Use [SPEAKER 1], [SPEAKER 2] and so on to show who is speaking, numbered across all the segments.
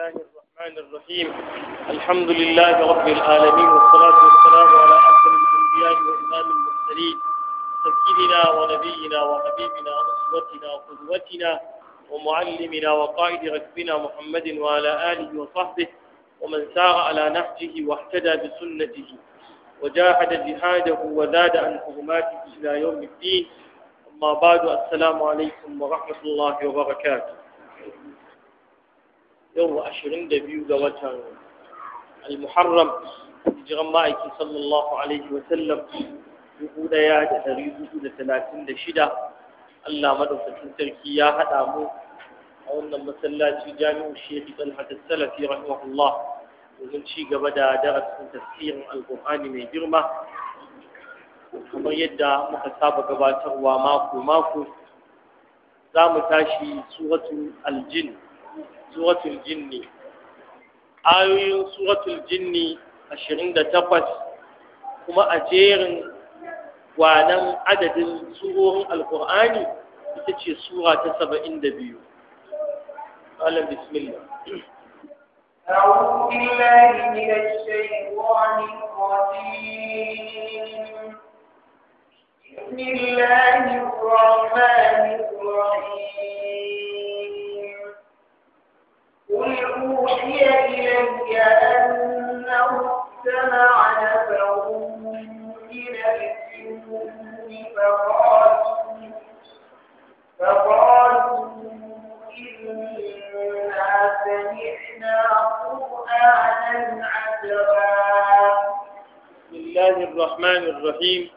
[SPEAKER 1] الله الرحمن الرحيم الحمد لله رب العالمين والصلاة والسلام على أكثر الأنبياء وإمام المرسلين سيدنا ونبينا وحبيبنا وأسوتنا وقدوتنا ومعلمنا وقائد ركبنا محمد وعلى آله وصحبه ومن سار على نهجه واهتدى بسنته وجاهد جهاده وزاد عن حرماته إلى يوم الدين أما بعد السلام عليكم ورحمة الله وبركاته yau ashirin da biyu ga watan al-muharram hijiran ma'aiki sallallahu alaihi wa sallam dubu ɗaya da ɗari hudu da talatin da shida Allah madaukakin sarki ya haɗa mu a wannan masallaci jami'u shehi talha da salafi rahimahullah domin ci gaba da darasin tafsirin alƙur'ani mai girma kamar yadda muka saba gabatarwa mako mako za mu tashi suratu aljin suratul jinni ayoyin suratul jinni ashirin da takwas kuma a jerin gwanan adadin surorin alkur'ani ita ce sura ta saba'in da biyu قال بسم الله
[SPEAKER 2] أعوذ بالله من الشيطان الرجيم بسم الله الرحمن الرحيم قل أوحي الجن فقالوا فقالوا سمعنا
[SPEAKER 1] بسم الله الرحمن الرحيم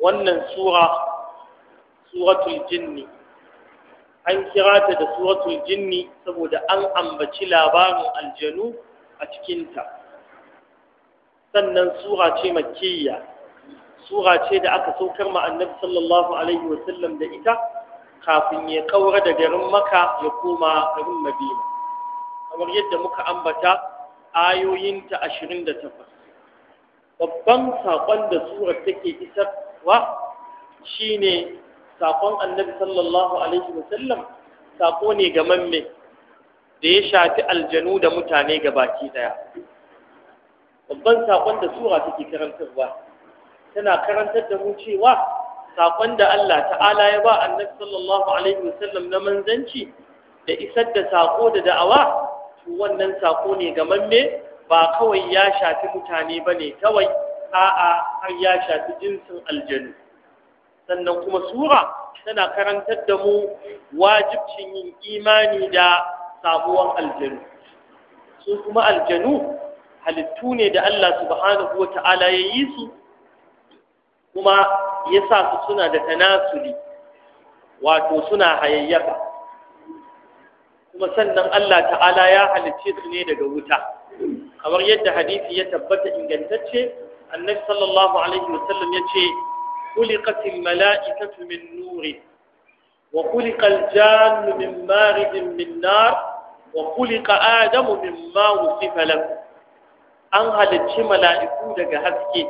[SPEAKER 1] ونن سورة سورة الجن an kira ta da suratul jinni saboda an ambaci labarin aljanu a cikinta sannan sura ce surace sura ce da aka saukar ma annabi sallallahu alaihi sallam da ita kafin ya kaura da garin maka ya koma garin madina kamar yadda muka ambata ayoyinta ashirin da takwas babban saƙon da surar take isarwa shine saƙon annabi sallallahu alaihi wasallam saƙo ne ga mamme da ya shafi aljanu da mutane baki ɗaya babban saƙon da sura take karantarwa tana karantar da mu cewa saƙon da Allah ta'ala ya ba annabi sallallahu alaihi wasallam na manzanci da isar da saƙo da da'awa to wannan saƙo ne ga mamme ba kawai ya shafi mutane bane kawai a'a har ya shafi jinsin aljanu sannan kuma sura tana karantar da mu wajibcin yin imani da sabuwan aljanu su kuma aljanu halittu ne da Allah subhanahu ta'ala ya yi su kuma ya sa su suna da tanasuli wato suna hayayyafa kuma sannan Allah ta'ala ya halicce su ne daga wuta kamar yadda hadisi ya tabbata ingantacce annabi sallallahu alaihi sallam ya ce خلقت الملائكة من نور وخلق الجان من مارد من نار وخلق آدم ما وصف له an halicci mala'iku daga haske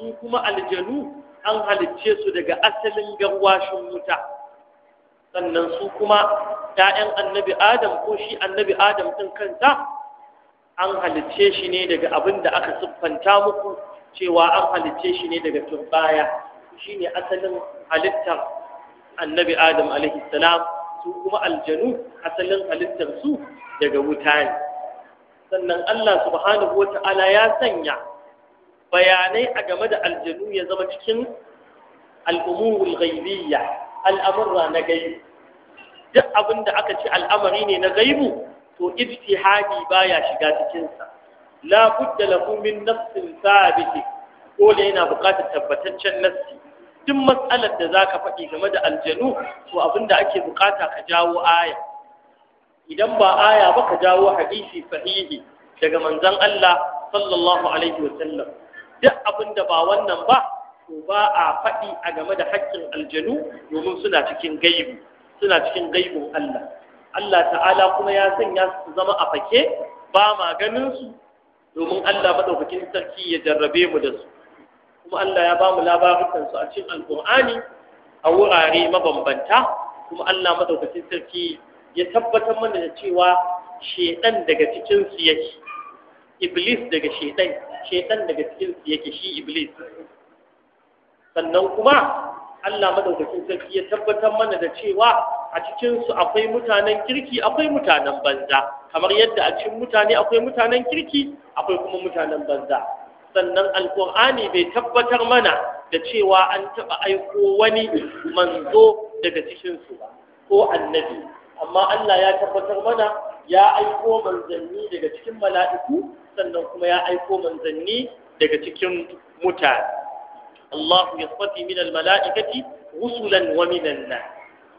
[SPEAKER 1] su kuma aljanu an halicce su daga asalin garwashin wuta sannan su kuma ‘ya'yan annabi adam ko shi annabi adam ɗin kanta an halicce shi ne daga abin da aka siffanta muku cewa an halicce shi ne daga tun baya. ne asalin halittar annabi adam alaihi su kuma aljanu asalin halittar su daga wuta ne sannan Allah subhanahu wata'ala ya sanya bayanai a game da aljanu ya zama cikin al'umurul ghaibiyya al'amurra na gaibu duk abin da aka ce al'amari ne na gaibu to ijtihadi baya shiga cikinsa. sa la budda lahu min nafsin sabiti yana buƙatar tabbataccen nafsi duk matsalar da za ka faɗi game da aljanu abin da ake bukata ka jawo aya idan ba aya ba ka jawo hadisi sahihi daga manzon Allah sallallahu alaihi wa sallam duk abinda ba wannan ba to ba a faɗi a game da haƙƙin aljanu domin suna cikin gaibu suna cikin gaibun Allah Allah ta'ala kuma ya sanya su zama a fake ba ma ganin su domin Allah madaukakin sarki ya jarrabe mu da su kuma Allah ya mu labarukan su a cikin alqur'ani a wurare mabambanta kuma Allah madaukakin sarki ya tabbatar mana da cewa shedan daga cikin su yake iblis daga shedan shedan daga cikin su yake shi iblis sannan kuma Allah madaukakin sarki ya tabbatar mana da cewa a cikinsu akwai mutanen kirki akwai mutanen banza kamar yadda a cikin mutane akwai mutanen kirki akwai kuma mutanen banza sannan alƙur'ani bai tabbatar mana da cewa an taɓa aiko wani manzo daga cikinsu ba ko annabi amma Allah ya tabbatar mana ya aiko manzanni daga cikin mala'iku sannan kuma ya aiko manzanni daga cikin mutane Allahu ya tsati min al rusulan wa minan nas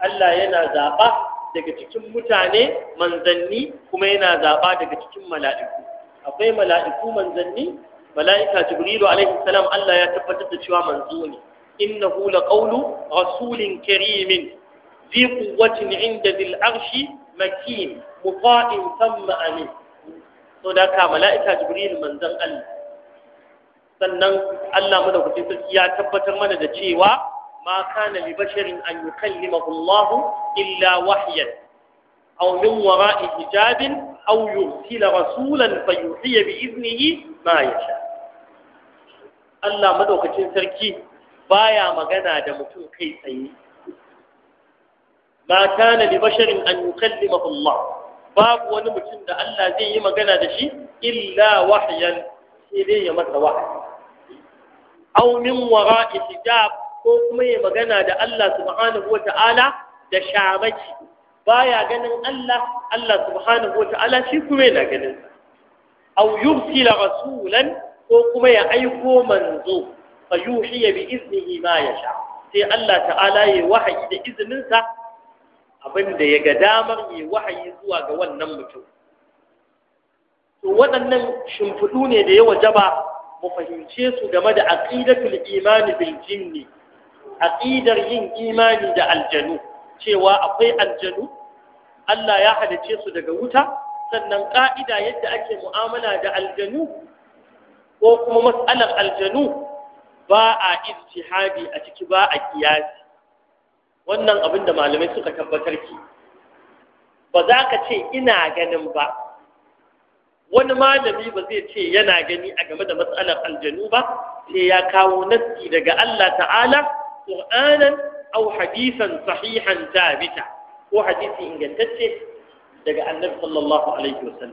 [SPEAKER 1] Allah yana zaɓa daga cikin mutane manzanni kuma yana zaɓa daga cikin mala'iku akwai mala'iku manzanni mala'ika jibrilu alaihi salam Allah ya tabbatar da cewa manzo ne innahu laqawlu rasulin karimin ذي قوة عند ذي العرش مكين مطاع ثم أمين to da ka mala'ika jibril manzon Allah sannan Allah madaukakin sarki ya tabbatar mana da cewa ma kana li basharin an yukallimahu Allah illa wahyan aw min wara'i hijabin aw yursila rasulan fayuhiya bi idnihi ma ya sha Allah madaukacin sarki baya magana da mutum kai tsaye ma kana li basharin an yukallimahu Allah babu wani mutum da Allah zai yi magana da shi illa wahyan sai dai ya masa wahayi aw min wara'i hijab ko kuma ya magana da Allah subhanahu wata'ala da shamaki baya ganin Allah Allah subhanahu wata'ala shi kuma yana ganin sa aw yursila rasulan ko kuma ya aiko manzo fa yuhiya bi iznihi ma yasha sai Allah ta'ala ya wahayi da izinin sa abinda ya ga damar ya wahayi zuwa ga wannan mutum to waɗannan shimfiɗu ne da ya wajaba mu fahimce su game da aqidatul imani bil jinni aqidar yin imani da aljanu cewa akwai aljanu Allah ya halice su daga wuta sannan ƙa'ida yadda ake mu'amala da aljanu ko kuma matsalar aljanu ba a ijtihadi a ciki ba a kiyasi wannan abin da malamai suka tabbatar ki ba za ka ce ina ganin ba wani malami ba zai ce yana gani a game da matsalar aljanu ba sai ya kawo nassi daga Allah ta'ala qur'anan aw hadisan sahihan tabita ko hadisi ingantacce daga annabi sallallahu alaihi sallam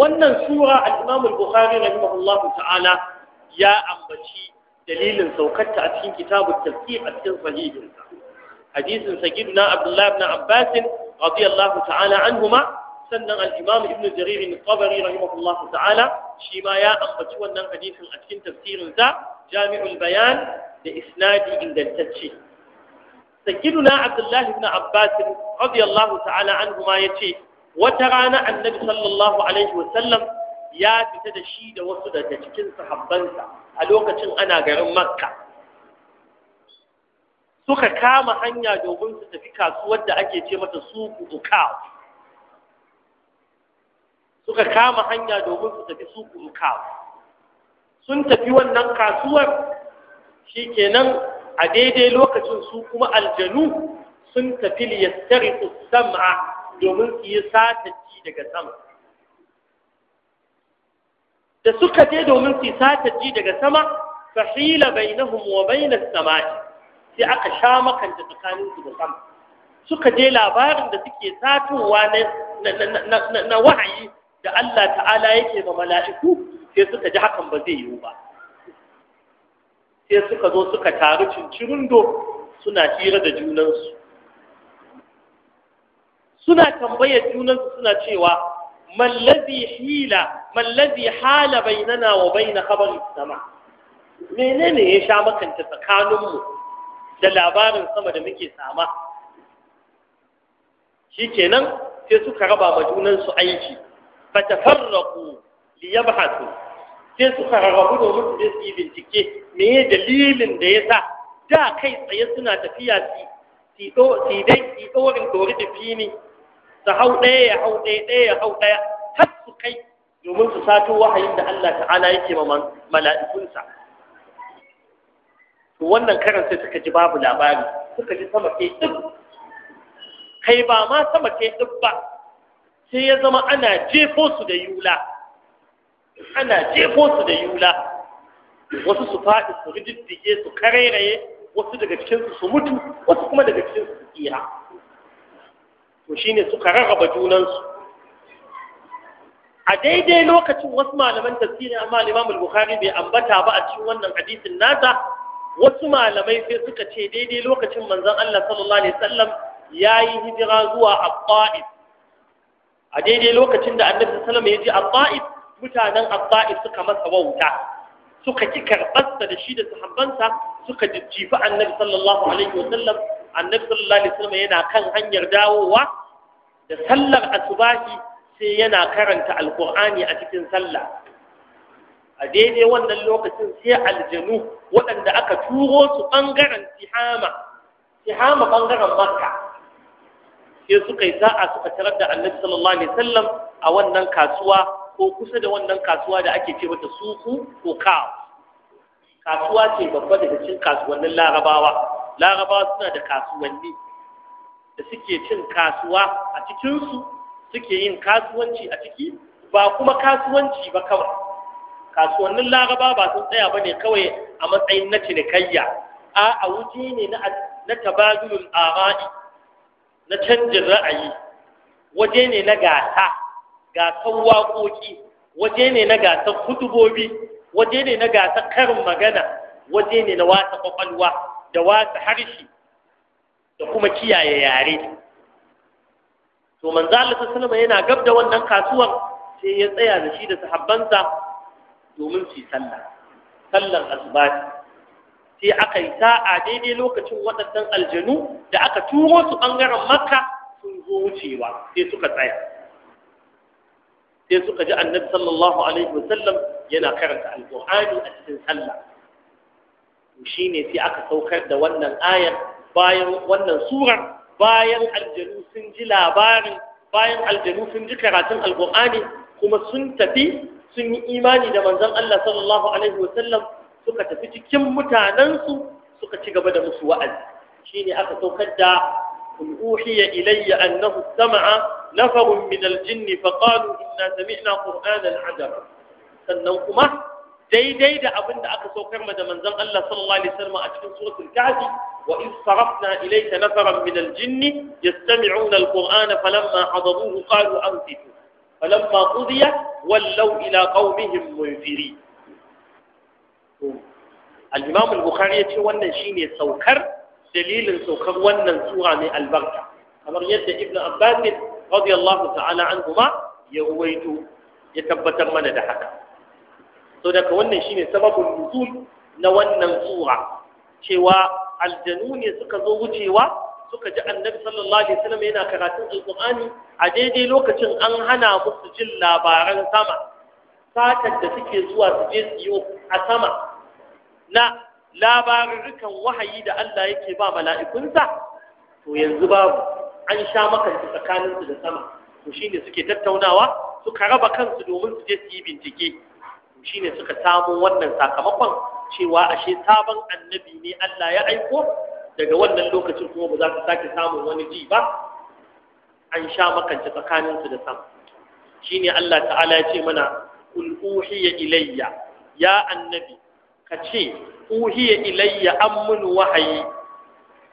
[SPEAKER 1] wannan sura al-imam al-bukhari rahimahullahu ta'ala ya ambaci dalilin saukarta a cikin kitabut tafsir a cikin sahihinsa hadisin sayyidina abdullah ibn abbas radiyallahu ta'ala anhuma sannan al-imam ibn jarir al-qabari rahimahullahu ta'ala shi ma ya ambaci wannan hadisin a cikin sa jami'ul bayan da isnadi ingantacce sakiduna na ibn abbas radiyallahu ta'ala anhu yace wata rana annabi sallallahu ya fita da shi da wasu daga cikin sahabbansa a lokacin ana garin makka suka kama hanya domin su tafi kasuwar da ake ce mata suka kama hanya domin su tafi suku sun tafi wannan kasuwar shikenan a daidai lokacin su kuma aljanu sun tafi liyastariqu sam'a domin su yi sataci daga sama da suka je domin su yi sataci daga sama fahila bainahum wa na samai sai aka sha makanta tsakanin su da sama suka je labarin da suke satowa na wahayi da Allah ta'ala yake ma mala'iku sai suka ji hakan ba zai yiwu ba sai suka zo suka taru do suna hira da junansu suna tambayar junansu suna cewa mallazi hila mallazi hala bainana wa baina khabar sama menene ya sha makanta tsakaninmu da labarin sama da muke sama Shi kenan sai suka raba ma junansu aiki fatafarraqu liyabhathu sai suka rarrabu domin su su yi bincike me ya dalilin da ya sa da kai tsaye suna tafiya su dai su ɗorin tori da fini su hau ɗaya ya hau ɗaya ɗaya ya hau ɗaya har su kai domin su sato wahayin da Allah ta'ala yake ma mala'ikunsa to wannan karan sai suka ji babu labari suka ji sama ke duk kai ba ma sama ke duk ba sai ya zama ana jefo su da yula ana jefo su da yula wasu su faɗi su rijiddige su karairaye wasu daga cikinsu su mutu wasu kuma daga cikinsu su tsira to shine suka rarraba junansu a daidai lokacin wasu malaman tafsirin amma Imam Bukhari bai ambata ba a cikin wannan hadisin nata wasu malamai sai suka ce daidai lokacin manzon Allah sallallahu alaihi wasallam yayi hijira zuwa Abba'id a daidai lokacin da Annabi sallallahu alaihi wasallam ya je Abba'id mutanen abba'i suka masa wauta suka ki karɓarsa da shi da sahabbansa suka jijjifi annabi sallallahu alaihi wasallam annabi sallallahu alaihi wasallam yana kan hanyar dawowa da sallar asubahi sai yana karanta alqur'ani a cikin sallah a daidai wannan lokacin sai aljanu waɗanda aka turo su ɓangaren tihama tihama ɓangaren makka sai suka yi sa'a suka tarar da annabi sallallahu alaihi wasallam a wannan kasuwa ko kusa da wannan kasuwa da ake ce mata suku ko ka kasuwa ce babba daga cikin kasuwannin larabawa larabawa suna da kasuwanni da suke cin kasuwa a cikinsu suke yin kasuwanci a ciki ba kuma kasuwanci ba kawai kasuwannin laraba ba sun tsaya ba ne kawai a matsayin na cinikayya a a wuce ne na tabazulul ara'i na canjin ra'ayi waje ne na gasa gasar waƙoƙi waje ne na gasar hudubobi waje ne na gasar karin magana waje ne na wata ƙwaƙwalwa da wata harshe da kuma kiyaye yare to manzo Allah yana gab da wannan kasuwar sai ya tsaya da shi da sahabbansa domin su yi sallah sallar asibati sai aka yi sa'a daidai lokacin waɗannan aljanu da aka turo su ɓangaren makka sun zo wucewa sai suka tsaya sai suka ji annabi sallallahu alaihi wasallam yana karanta alqur'ani a cikin sallah shine sai aka saukar da wannan ayar bayan wannan surar bayan aljanu sun ji labarin bayan aljanu sun ji karatun alqur'ani kuma sun tafi sun yi imani da manzon Allah sallallahu alaihi wasallam suka tafi cikin mutanensu suka ci gaba da musu wa'azi shine aka saukar da قل أوحي إلي أنه استمع نفر من الجن فقالوا إنا سمعنا قرآنا عجبا kuma daidai da abin da aka saukar ma da manzon Allah sallallahu alaihi wasallam a cikin suratul kahfi wa in sarafna ilayka nafaran min al-jinn yastami'una al-qur'ana falamma hadaruhu qalu anfitu falamma qudiya wallaw ila qaumihim munziri al-imam al-bukhari yace wannan shine saukar dalilin saukar wannan sura mai albarka kamar yadda ibnu abbas radiyallahu ta'ala anhuma ya ruwaito ya tabbatar mana da haka to daga wannan ne sababin nuzul na wannan sura cewa aljanu ne suka zo wucewa suka ji annabi sallallahu alaihi wasallam yana karatun alqur'ani a daidai lokacin an hana musu jin labaran sama satar da suke zuwa su je a sama na labarurrukan wahayi da Allah yake ba mala'ikunsa to yanzu babu an sha makanta tsakaninsu da sama to shine suke tattaunawa suka raba kansu domin su je su yi bincike to shine suka samu wannan sakamakon cewa ashe sabon annabi ne Allah ya aiko daga wannan lokacin kuma ba za su sake samun wani ji ba an sha makanta tsakaninsu da sama Shi ne Allah ta'ala ya ce mana kul ilayya ya annabi ka ce uhiya ilayya an mun wahayi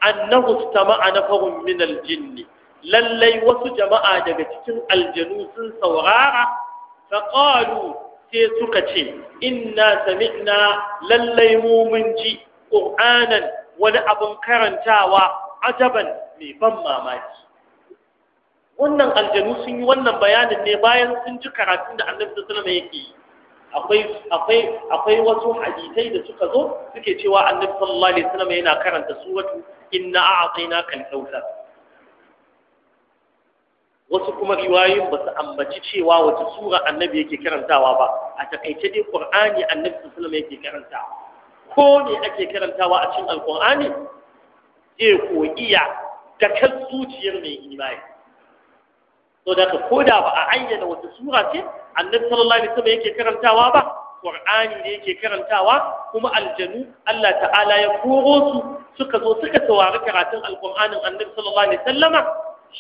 [SPEAKER 1] annahu na nafarun min aljinn lallai wasu jama'a daga cikin aljanu sun saurara faqalu sai suka ce inna sami'na lallai mu mun ji qur'anan wani abin karantawa ajaban mai ban mamaki wannan aljanu sun yi wannan bayanin ne bayan sun ji karatun da annabi sallallahu alaihi wasallam yake yi akwai wasu hadisai da suka zo suke cewa annabi sallallahu alaihi wasallam yana karanta suratu inna a'tayna kal kautsar wasu kuma riwayoyin ba su ambaci cewa wata sura annabi yake karantawa ba a takaice dai qur'ani annabi sallallahu alaihi yake karantawa ko ne ake karantawa a cikin alqur'ani ko iya. da kan zuciyar mai imani so da ko da ba a ayyana wata sura ce annabi sallallahu alaihi wasallam yake karantawa ba qur'ani ne yake karantawa kuma aljanu Allah ta'ala ya koro su suka zo suka saurari karatun alqur'anin annabi sallallahu alaihi wasallama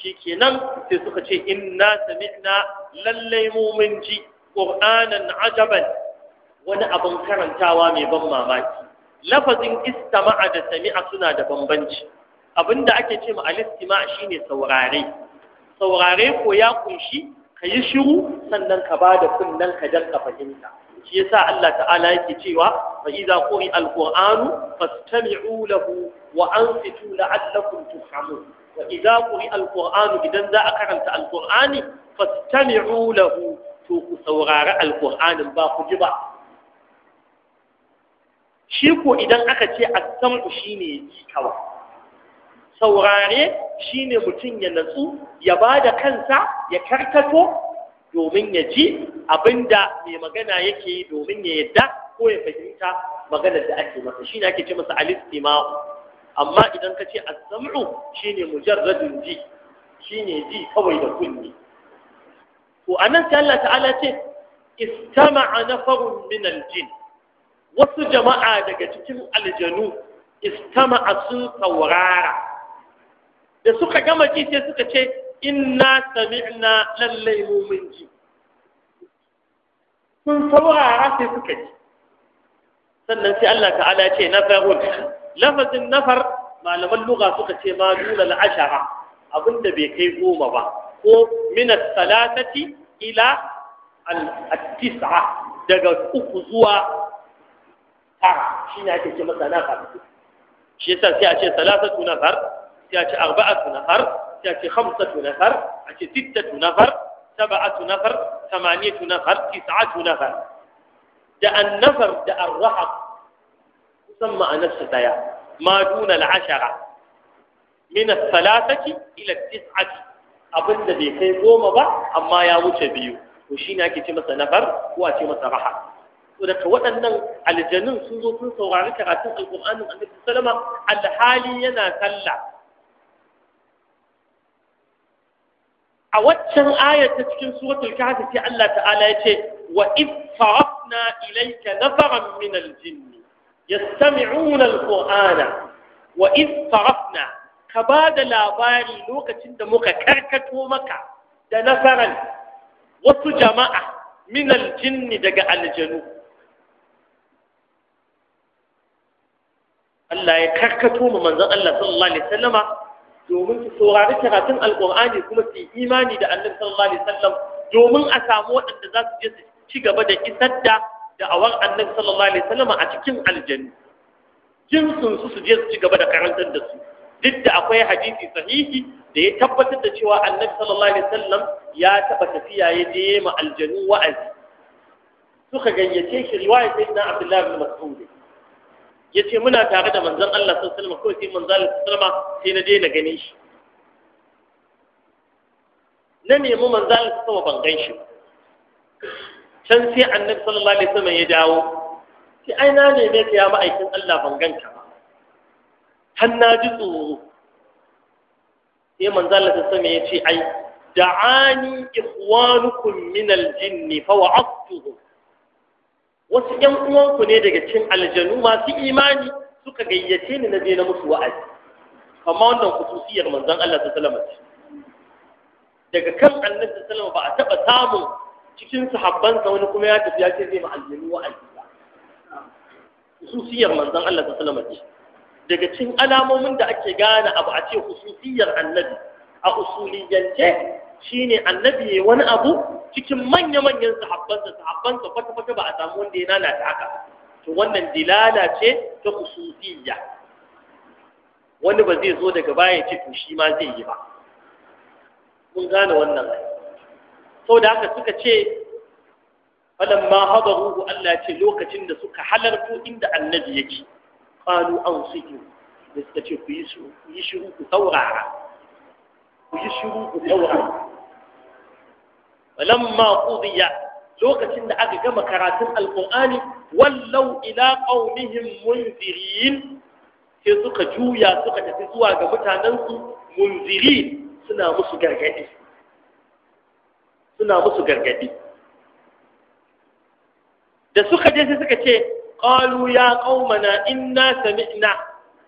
[SPEAKER 1] shikenan sai suka ce inna sami'na lallai mumin ji qur'anan ajaban wani abin karantawa mai ban mamaki lafazin istama'a da sami'a suna da bambanci abinda ake ce ma al-istima' shine saurare saurare ko ya kunshi ka yi shiru sannan ka ba da kunnen ka jan ka fahimta shi yasa Allah ta'ala yake cewa fa idza quri alqur'anu fastami'u lahu wa ansitu la'allakum turhamun wa idza quri alqur'anu idan za a karanta alqur'ani fastami'u lahu to ku saurari alqur'anin ba ku ji ba shi ko idan aka ce as-sam'u shine ji kawai saurare ne mutum ya natsu ya ba da kansa ya karkato domin ya ji abinda mai magana yake yi domin ya yadda ko ya fahimta magana da ake masa Shi ne ake ce masa alistima'u amma idan ka ce as-sam'u shine mujarradun ji Shi ne ji kawai da kunni to anan sai Allah ta'ala ce istama'a nafarun min minan jin. wasu jama'a daga cikin aljanu istama'a sun saurara da suka gama ji sai suka ce inna sami'na lallai mu mun ji sun saurara sai suka ji sannan sai Allah ta'ala ce nafarun lafazin nafar malaman lugha suka ce ma dula al'ashara abinda bai kai goma ba ko min salatati ila al-tis'a daga uku zuwa tara shine ake ce masa nafar shi yasa sai a ce salatatu nafar sai a ce arba'atu nafar sai a ce khamsatu nafar a ce sittatu nafar sab'atu nafar thamaniyatu nafar tis'atu nafar da annafar da arrahab kusan ma'anarsa daya ma duna al'ashara min al-thalathati ila al-tis'ati abinda bai kai goma ba amma ya wuce biyu to shine ake ce masa nafar ko a ce masa raha daga waɗannan aljanun sun zo karatun alƙur'anin annabi alhali yana sallah a waccan ayar ta cikin suratul kahfi sai Allah ta'ala ya ce wa id farafna ilayka nafaran min aljinn yastami'una alqur'ana wa id farafna ka ba da labari lokacin da muka karkato maka da nasaran wasu jama'a min aljinn daga aljanu Allah ya karkato mu manzon Allah sallallahu alaihi wasallama domin su saurari karatun alkur'ani kuma su yi imani da annabi sallallahu alaihi wasallam domin a samu waɗanda za su je su ci gaba da isar da da'awar annabi sallallahu alaihi wasallam a cikin aljanna jinsin su su je su ci gaba da karantar da su duk da akwai hadisi sahihi da ya tabbatar da cewa annabi sallallahu alaihi wasallam ya taba tafiya ya je ma aljanu wa'azi suka gayyace shi riwaya sai na Abdullah ibn Mas'ud ya ce muna tare da manzan Allah sun salama kawai sai manzan Allah sun salama sai na daina gane shi na nemi manzan Allah sun sama ban gan shi can sai annabi sallallahu alaihi wasallam ya dawo sai ai na neme ka ya ma'aikin Allah ban gan ka ba har na ji tsoro sai manzan Allah sun sama ya ce ai da'ani ikhwanukum min al-jinni fa wa'adtuhum wasu ƴan uwanku ne daga cikin aljanu masu imani suka gayyace ni na je na musu wa'azi Kamar wannan kususiyar manzon Allah ta salama ce daga kan annabi ta salama ba a taɓa samun cikin sahabbansa wani kuma ya tafi ya ce zai ma aljanu wa'azi ba kususiyar manzon Allah ta salama ce daga cikin alamomin da ake gane abu a ce kususiyar annabi a usuliyance shine annabi ya wani abu cikin manya-manyan sahabbansa sahabbansa kwata-kwata ba a samu wanda ya lalata haka to wannan dilala ce ta khususiyya wani ba zai zo daga baya ce to shi ma zai yi ba mun gane wannan sau da haka suka ce falan ma haɗa ruhu Allah ce lokacin da suka halarto inda annabi yake ƙalu an suke da suka ce ku yi shiru ku saurara ku yi shiru ku saurara falamma qudiya lokacin da aka gama karatun alqur'ani wallau ila qaumihim munzirin sai suka juya suka tafi zuwa ga mutanensu munzirin suna musu gargadi suna musu gargadi da suka je sai suka ce qalu ya qaumana inna sami'na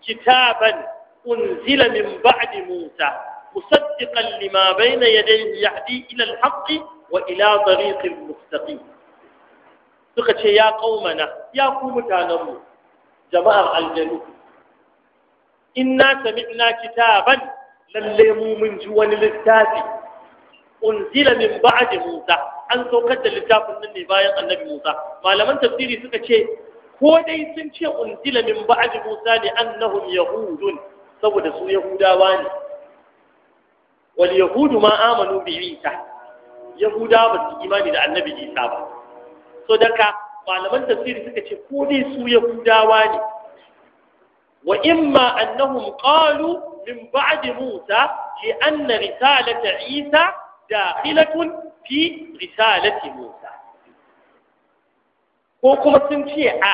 [SPEAKER 1] kitaban unzila min ba'di Musa. مصدقا لما بين يديه يهدي إلى الحق وإلى طريق مستقيم suka ce ya ƙaumana ya ku mutanenmu jama'ar aljanu inna sami'na kitaban lalle mu mun ji wani littafi unzila min ba'di Musa an saukar da littafin nan ne bayan annabi Musa malaman tafsiri suka ce ko dai sun ce unzila min ba'di Musa ne annahum yahudun saboda su yahudawa ne wal yahudu ma amanu bi isa yahuda ba su imani da annabi isa ba so daga malaman tafsiri suka ce ko dai su yahudawa ne wa imma annahum qalu min ba'di musa li anna risalata isa dakhilatun fi risalati musa ko kuma sun ce a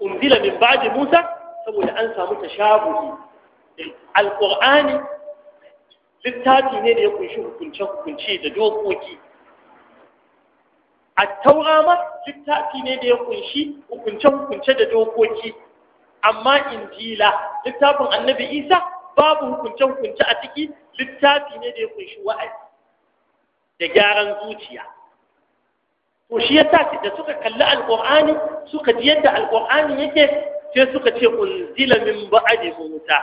[SPEAKER 1] unzila min ba'di musa saboda an samu tashabuhi alqur'ani littafi ne da ya kunshi hukunce-hukunce da dokoki a taurama littafi ne da ya kunshi hukunce-hukunce da dokoki amma injila littafin annabi isa babu hukunce-hukunce a ciki littafi ne da ya kunshi wa'azi da gyaran zuciya to shi yasa da suka kalli alqur'ani suka ji yadda alqur'ani yake sai suka ce unzila min ba'di musa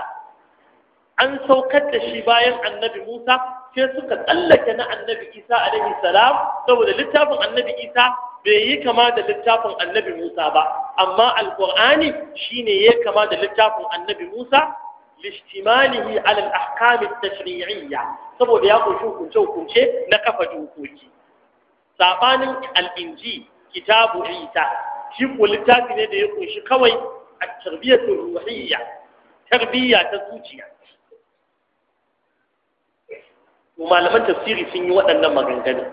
[SPEAKER 1] an saukar da shi bayan annabi Musa sai suka tsallake na annabi Isa alaihi salam saboda littafin annabi Isa bai yi kama da littafin annabi Musa ba amma alqur'ani shine ya kama da littafin annabi Musa lishtimalihi ala al-ahkam at-tashri'iyya saboda ya kunshi hukunce hukunce na kafa dokoki sabanin al-inji kitabu Isa shi ko littafi ne da ya kunshi kawai at-tarbiyatu ruhiyya tarbiyya ta zuciya malaman tafsiri sun yi waɗannan maganganu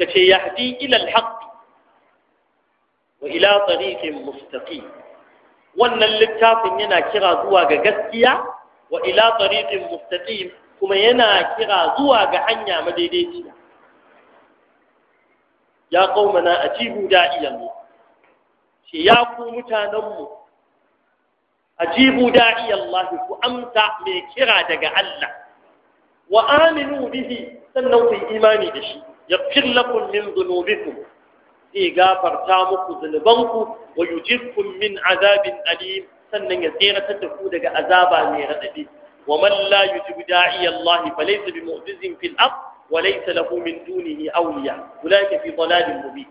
[SPEAKER 1] kace hadi ila alhaq wa ila tariqin mustaqim wannan littafin yana kira zuwa ga gaskiya wa ila tariqin mustaqim kuma yana kira zuwa ga hanya madaidaiciya ya qaumana ajibu da'iyan shi ya ku mutanenmu
[SPEAKER 3] ajibu da'i
[SPEAKER 1] Allah ku amsa mai kira daga Allah wa aminu bihi sannan ku imani da shi yaghfir lakum min dhunubikum zai gafarta muku zunubanku wa yujirkum min azabin alim sannan ya tseratar da ku daga azaba mai radadi wa man la yujibu da'i Allah fa laysa bi mu'jizin fil ard wa laysa lahu min dunihi awliya ulaika fi dhalalin mubin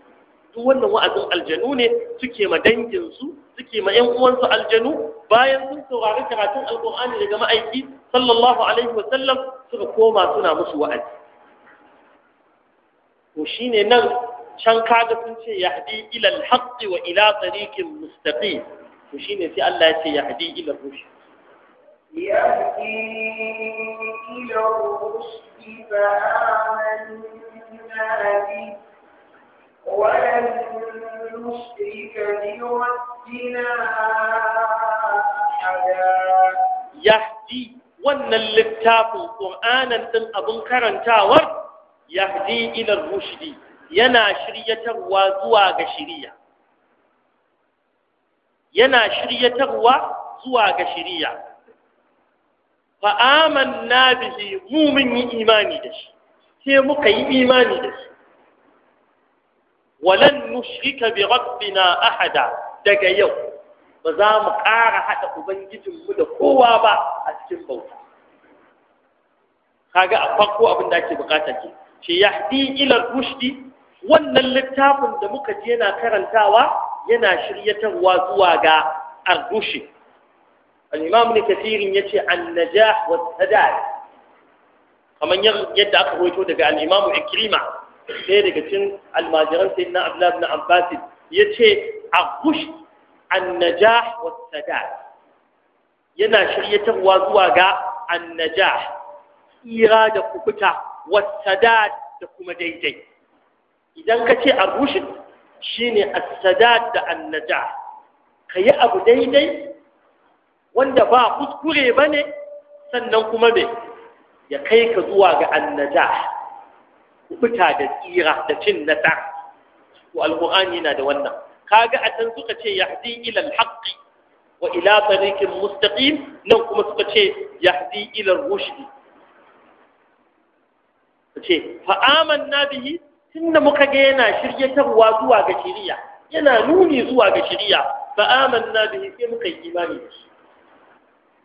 [SPEAKER 1] duk wannan wa'azin aljanu ne suke ma dangin su suke ma ƴan uwansu aljanu bayan sun saurari karatun alƙur'ani daga ma'aiki sallallahu alaihi wa sallam suka koma suna musu wa'azi to shine nan can kaga sun ce yahdi ila alhaq wa ila tariqin mustaqim to shine sai Allah ya ce yahdi ila rushd
[SPEAKER 2] yahdi ila rushd fa amanna ولن نشرك بربنا
[SPEAKER 1] أحدا يهدي wannan littafin ƙur'anan ɗin abin karantawar yahdi ila rushdi yana shiryatarwa zuwa ga shiriya yana shiryatarwa zuwa ga shiriya fa amanna bihi mu mun yi imani da shi sai muka yi imani da shi walan nushrika bi rabbina ahada daga yau ba za mu ƙara haɗa ubangijinmu da kowa ba a cikin bauta kaga a farko abin da ake bukata ke ce yahdi wannan littafin da muka ji yana karantawa yana shiryatarwa zuwa ga ardushi al-imam ne kafirin yace an-najah wa sadad yadda aka hoito daga al-imam ɗaya daga cin almajiran sai na abdullahi na abbas ya ce a kush annajah wa da yana shiryatarwa zuwa ga annajah tsira da kukuta wa da da kuma daidai idan ka ce a shi ne a sada da ka yi abu daidai wanda ba kuskure bane sannan kuma me ya kai ka zuwa ga annajah fita da tsira da cin nasara to alqur'ani yana da wannan kaga a can suka ce yahdi ila alhaq wa ila tariqin mustaqim nan kuma suka ce yahdi ila rushd ce fa amanna bihi tunda muka ga yana shiryatarwa zuwa ga shiriya yana nuni zuwa ga shiriya fa amanna bihi sai muka yi imani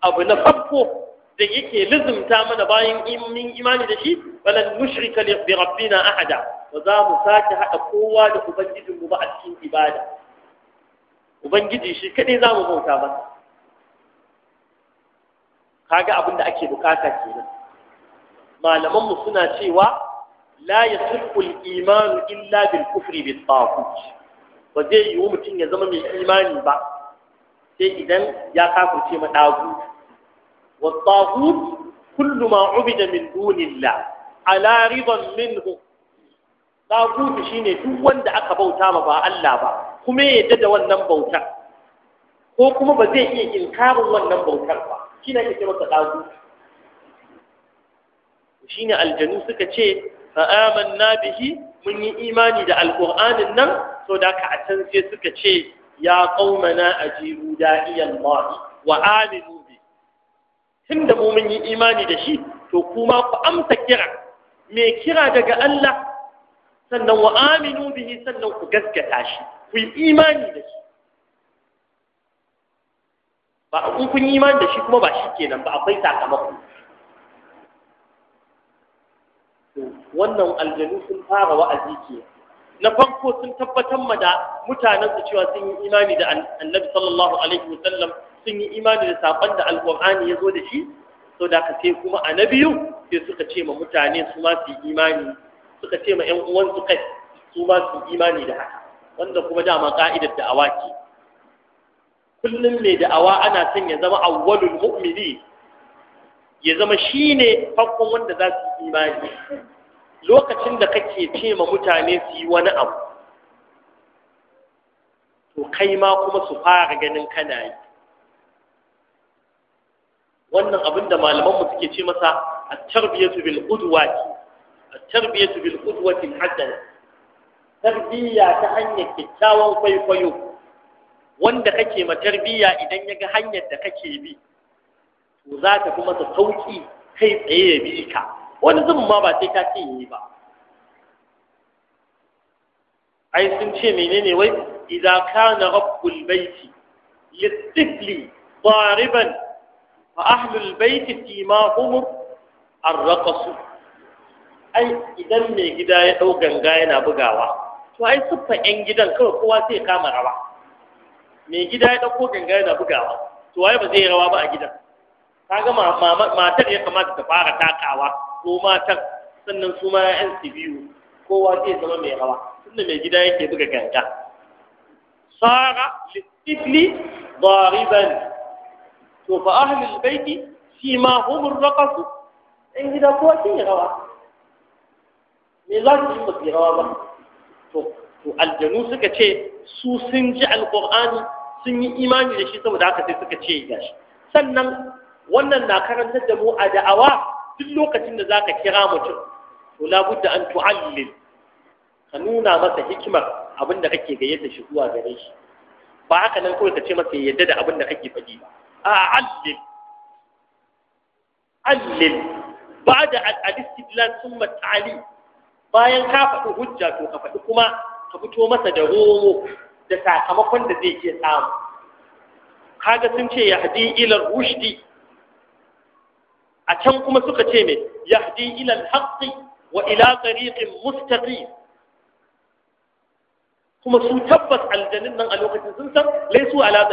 [SPEAKER 1] abu na farko da yake lizumta mana bayan min imani da shi walan nushrika bi rabbina ahada ba za mu sake hada kowa da ubangijin mu ba a cikin ibada ubangiji shi kadai za mu bauta ba kaga abin da ake bukata kenan malaman mu suna cewa la yasihhu al-iman illa bil kufri bit taghut ba zai yiwu mutum ya zama mai imani ba sai idan ya kafirce ma والطاغوت كل ما عبد من دون الله على رضا منه طاغوت شيني duk wanda aka bauta ma ba Allah ba kuma ya yadda da wannan bautar ko kuma ba zai iya inkarin wannan bautar ba shine ake cewa tagut shine aljanu suka ce fa amanna mun yi imani da alqur'anin nan so da ka a can sai suka ce ya qaumana ajibu da'iyan Allah wa aminu Tunda da mu mun yi imani da shi to kuma ku amsa kira me kira daga Allah sannan wa aminu bihi sannan ku gaskata shi ku yi imani da shi ba in kun yi imani da shi kuma ba shi kenan ba akwai sakamako wannan aljanu sun fara wa'azi ke na farko sun tabbatar ma da mutanen su cewa sun yi imani da annabi sallallahu alaihi wasallam sun yi imani da saƙon da alƙur'ani ya zo da shi so da ka sai kuma a na biyu sai suka ce ma mutane su ma su yi imani suka ce ma ƴan uwansu kai su ma su yi imani da haka wanda kuma dama da awa ce kullum mai da awa ana son ya zama awwalul mu'mini ya zama shine farkon wanda za su yi imani lokacin da kake ce ma mutane su yi wani abu to kai ma kuma su fara ganin kana yi wannan abin da malamanmu suke ce masa at-tarbiyatu bil qudwati at-tarbiyatu bil qudwati hasana tarbiyya ta hanyar kyakkyawan kwaikwayo wanda kake ma tarbiyya idan ya ga hanyar da kake bi to za ka kuma ta sauƙi kai tsaye ya bi ka wani zubin ma ba sai ka ce yi ba ai sun ce menene wai idza kana rabbul baiti lit-tifli fa ahlul baiti fi ma humur arraqasu ai idan mai gida ya dau ganga yana bugawa to ai siffa yan gidan kawai kowa sai kama rawa mai gida ya dauko ganga yana bugawa to ai ba zai rawa ba a gidan kaga matar ya kamata ta fara takawa ko matar sannan su ma yan biyu kowa zai zama mai rawa tunda mai gida yake buga ganga sara litifli dariban to fa ahlul baiti shi ma humur raqasu in gida ko shi rawa me za su yi ba rawa ba to to aljanu suka ce su sun ji alqur'ani sun yi imani da shi saboda haka sai suka ce gashi sannan wannan na karantar da mu a da'awa duk lokacin da zaka kira mutum to labudda an tu'allil ka nuna masa hikimar abin da kake gayyata shi zuwa gare shi ba haka nan kawai ka ce masa yadda da abin da kake faɗi ba أعلل علل بعد الاستدلال ثم التعليل bayan ka faɗi hujja to ka faɗi kuma ka fito masa da romo da sakamakon da zai ke samu kaga sun ce yahdi ilal rushdi a can kuma suka ce me yahdi ilal haqqi wa ila tariqin kuma tabbas aljannin nan a lokacin sun san laisu ala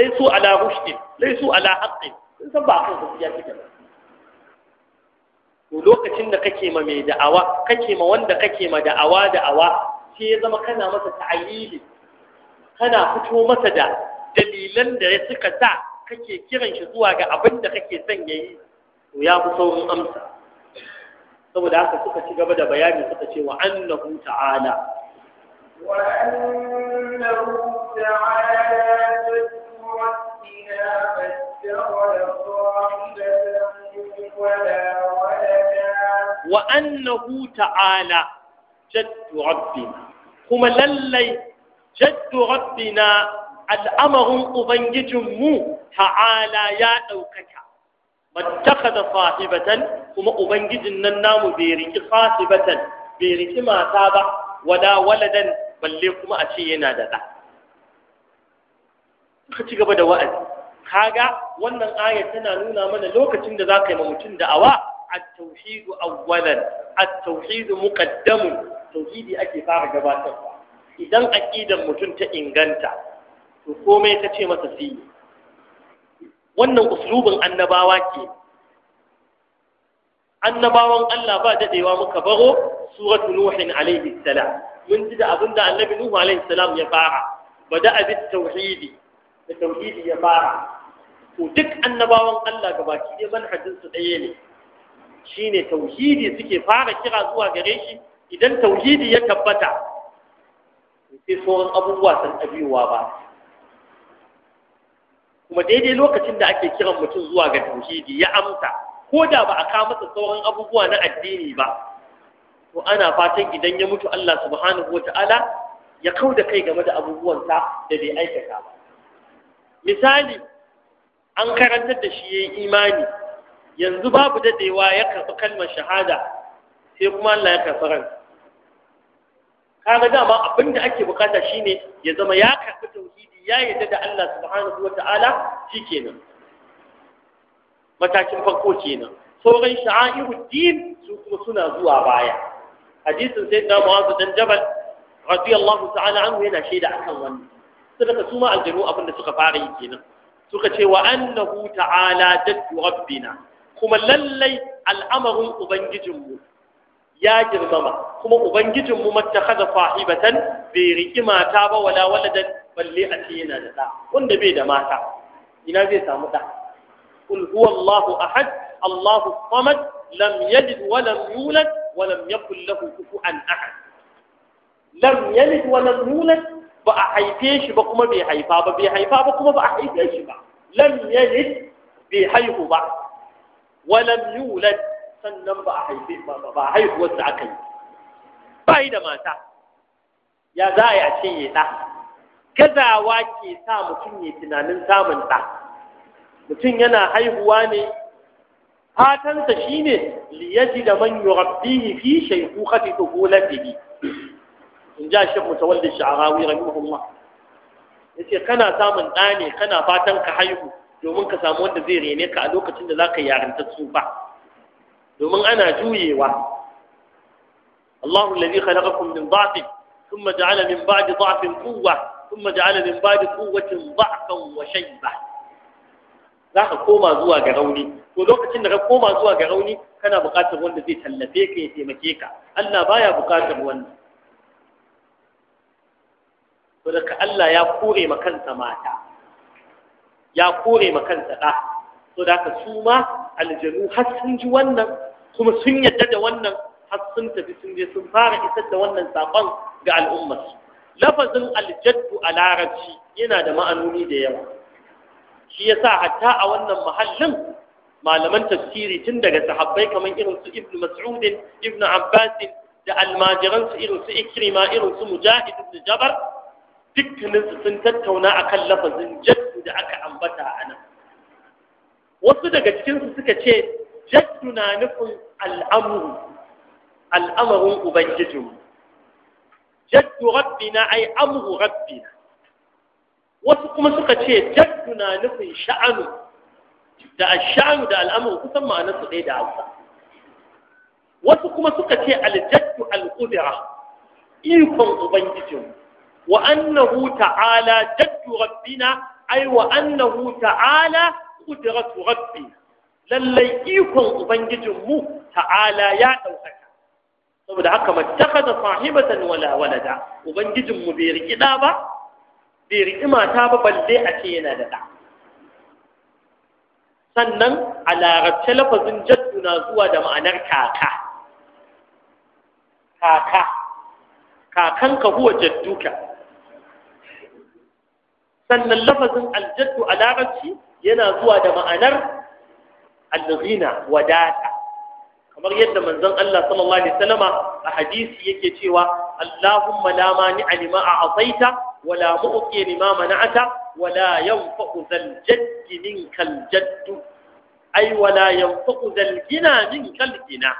[SPEAKER 1] laisu ala rushdin laisu ala haqqin sun san ba kan gaskiya kike ba to lokacin da kake ma mai da'awa kake ma wanda kake ma da'awa da'awa sai ya zama kana masa ta'ayili, kana fito masa da dalilan da ya suka sa kake kiran shi zuwa ga abin da kake son yayi to ya fi saurin amsa saboda haka suka ci gaba da bayani suka ce wa annahu ta'ala
[SPEAKER 2] wa annahu ta'ala
[SPEAKER 1] ربنا
[SPEAKER 2] فاتخذ صاحبة ولا
[SPEAKER 1] ولدا وأنه تعالى جد ربنا كما للي جد ربنا الأمر أبنجتم تعالى يا أوكتا mattakhadha sahibatan kuma ubangijin nan namu bai riki sahibatan bai riki mata ba wala waladan balle kuma a ce yana da
[SPEAKER 3] ka ci gaba da wa'azi
[SPEAKER 1] kaga wannan ayat tana nuna mana lokacin da zaka yi ma mutum da'awa at-tauhid awwalan at-tauhid muqaddam tauhidi ake fara gabatarwa idan aqidan mutum ta inganta to komai ta ce masa sai wannan uslubin annabawa ke annabawan Allah ba dadewa muka baro suratu nuhin alaihi salam mun ji da abinda annabi nuhu alaihi salam ya fara bada abin tauhidi da tauhidi ya fara to duk annabawan Allah gabaki ɗaya manhajin su ɗaya ne shine tauhidi suke fara kira zuwa gare shi idan tauhidi ya tabbata sai sauran abubuwa sun ɗabiwa ba kuma daidai lokacin da ake kiran mutum zuwa ga tauhidi ya amsa ko da ba a kawo masa sauran abubuwa na addini ba to ana fatan idan ya mutu Allah subhanahu wata'ala ya kauda kai game da abubuwansa da bai aikata ba misali an karantar da shi yayi imani yanzu babu dadewa ya karɓi kalmar shahada sai kuma Allah ya karɓi ran kaga dama abin da ake bukata shine ya zama ya karɓi tauhidi ya yarda da Allah subhanahu wataala shikenan matakin farko kenan sauran sha'airud din su kuma suna zuwa baya hadisin sayyidina Mu'adh dan Jabal radiyallahu ta'ala anhu yana shaida akan wannan sadaka su ma aljanu abin da suka fara yi kenan suka ce wa annahu ta'ala jaddu rabbina kuma lallai al'amarin ubangijinmu ya girmama kuma ubangijinmu mattakhadha sahibatan bai riki mata ba wala waladan balle a ce yana da da wanda bai da mata ina zai samu da qul huwallahu ahad allahu samad lam yalid wa lam yulad wa lam yakul lahu kufuwan ahad lam yalid wa lam yulad ba a haife shi ba kuma bai haifa ba bai haifa ba kuma ba a haife shi ba lam yalid bai haihu ba wa lam yulad sannan ba a haife ba ba haihu wanda aka yi bai da mata ya za a yi ce ya da gazawa ke sa mutum ya tunanin samun da mutum yana haihuwa ne fatansa shine liyaji da man yurabbihi fi shaykhukhati tuhulatihi in ja shi mutawalli sha'arawi rahimahullah yace kana samun ɗa ne kana fatan ka haihu domin ka samu wanda zai rene ka a lokacin da zaka yarinta tsufa domin ana juyewa Allahu alladhi khalaqakum min dha'fin thumma ja'ala min ba'di dha'fin quwwa thumma ja'ala min ba'di quwwatin dha'fan wa shayba zaka koma zuwa ga rauni lokacin da ka koma zuwa ga kana buƙatar wanda zai tallafe ka ya taimake ka Allah baya buƙatar saboda Allah ya kore ma kansa mata ya kore ma kansa ɗa saboda ka su ma aljanu har sun ji wannan kuma sun yadda da wannan har sun tafi sun je sun fara isar da wannan saƙon ga al'ummar. lafazin aljaddu a larabci yana da ma'anoni da yawa shi yasa hatta a wannan mahallin malaman tafsiri tun daga sahabbai kamar irin su ibnu mas'ud ibnu abbas da almajiran su irin su ikrima irin su mujahid jabar dukkaninsu sun tattauna a akan lafazin jaddu da aka ambata a nan wasu daga cikinsu suka ce jaddu na nufin al'amuru al'amarin ubangijinmu jaddu rabbina ai amru rabbina wasu kuma suka ce jaddu na nufin sha'anu da sha'anu da al'amuru kusan ma'anarsu ɗaya da hausa wasu kuma suka ce aljaddu al'udura ikon ubangijinmu wa annahu ta'ala jaddu na, ai wa annahu ta'ala qudratu rabbi lallai ikon ubangijinmu ta'ala ya ɗaukaka saboda haka mattakhadha sahibatan wala walada ubangijinmu bai riƙi ɗa ba bai riƙi mata ba balle a ce yana da ɗa sannan a larabce lafazin jaddu zuwa da ma'anar kaka kaka kakanka huwa sannan lafazin aljaddu a larabci yana zuwa da ma'anar alghina wadata kamar yadda manzon Allah sallallahu alaihi wasallama a hadisi yake cewa Allahumma la mani'a lima a'taita wa la mu'ti lima mana'ata wa la yanfa'u zal jaddi minkal jaddu ay wa la yanfa'u zal gina minkal gina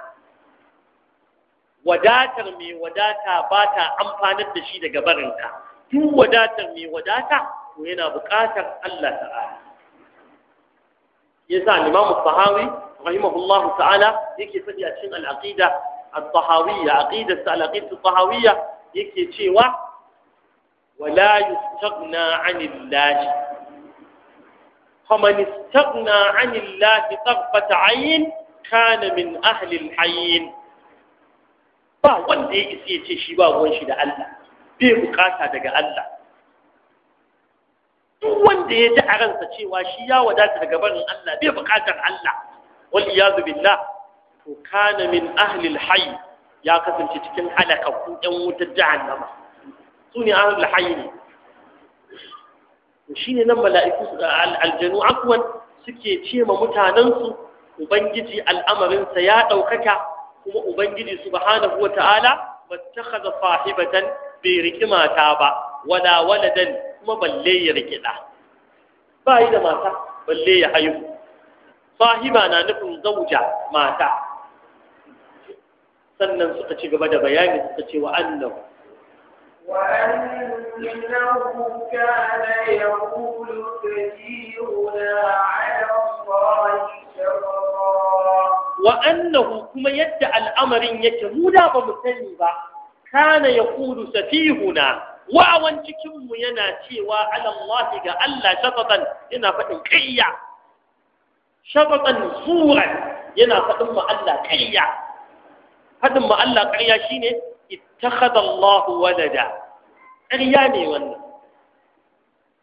[SPEAKER 1] wadatar mai wadata ba ta amfanar da shi daga barinka duk wadatar mai wadata yana buƙatar Allah ta'ala yasa Imam Tahawi rahimahullahu ta'ala yake sani a cikin al-aqida at-tahawiyya aqida al-aqida at-tahawiyya yake cewa ولا يستغنى عن الله فمن استغنى عن الله طرفة عين كان من أهل الحين ba wanda ya isa ce shi ba ruwan shi da Allah bai bukata daga Allah duk wanda ya ji a ransa cewa shi ya wadata daga barin Allah bai bukatar Allah wal iyazu billah to kana min ahli ya kasance cikin halakakku yan wutar jahannama su ne ahlil al ne to ne nan mala'iku aljanu afwan suke ce ma mutanensu ubangiji al'amarinsa ya ɗaukaka kuma ubangiji subhanahu wata'ala battakhadha sahibatan bai riki mata ba wala waladan kuma balle ya rikida ba yi da mata balle ya haihu Fahima na nufin zauja mata sannan suka ci gaba da bayani suka ce wa annahu وأنه
[SPEAKER 2] كان يقول كثيرنا على الله
[SPEAKER 1] شرا وأنه كما يدعى الأمر يكمل بمثل كان يقول سفيهنا wawan cikinmu yana cewa alallahi ga Allah shafatan yana faɗin ƙayya shafatan zuwan yana faɗin ma Allah ƙayya faɗin ma Allah ƙarya ne ittakhadha Allah walada ƙarya ne wannan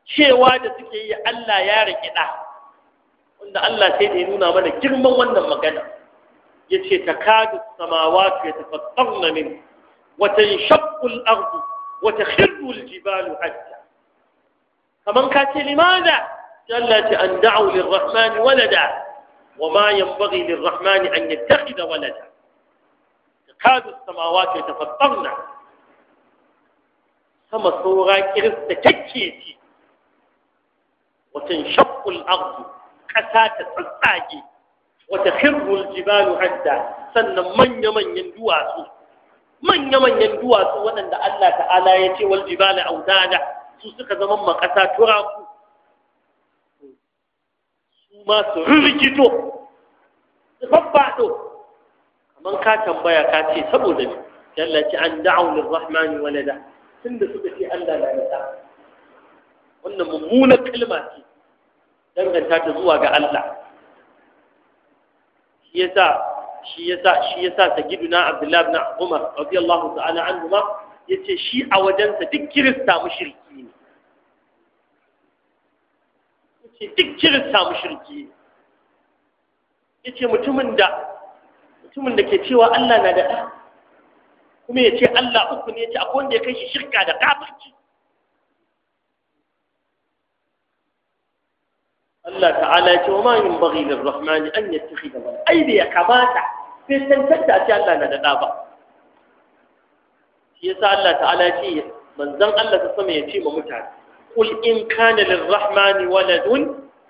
[SPEAKER 1] cewa da suke yi Allah ya riƙi ɗa wanda Allah sai da ya nuna mana girman wannan magana Ya ce yace takadu samawati na min wa tanshaqqu al-ardu وتخر الجبال هدا فمن كانت لماذا
[SPEAKER 3] جلت أن دعوا للرحمن
[SPEAKER 1] ولدا وما ينبغي للرحمن أن يتخذ ولدا تكاد السماوات يتفطرن كما صورا كرست تكيتي وتنشق الأرض كسات تسعاجي وتخر الجبال هدا سن من يمن يندوها سوسا manya-manyan duwatsu waɗanda Allah ta'ala ya ce wal jibala audada su suka zama makasa turaku su ma su rikito su babbaɗo kamar ka tambaya ka ce saboda ne Allah ce an da'u lirrahmani walada tunda suka ce Allah na da wannan mummunar kalma ce danganta ta zuwa ga Allah shi yasa shi yasa shi yasa sagiduna abdullahi ibn umar radiyallahu ta'ala anhu ma yace shi a wajensa duk kirista mushriki ne yace duk kirista mushriki ne yace mutumin da mutumin da ke cewa Allah na da kuma yace Allah uku ne yace akwai wanda ya kai shi shirka da kafirci Allah ta'ala ya ce wa ma yin baghi lir rahmani an yattakhidha wal ai da ya kamata sai san a ce Allah na da da ba shi yasa Allah ta'ala ya ce manzon Allah ta sama ya ce ma mutane qul in kana lir rahmani waladun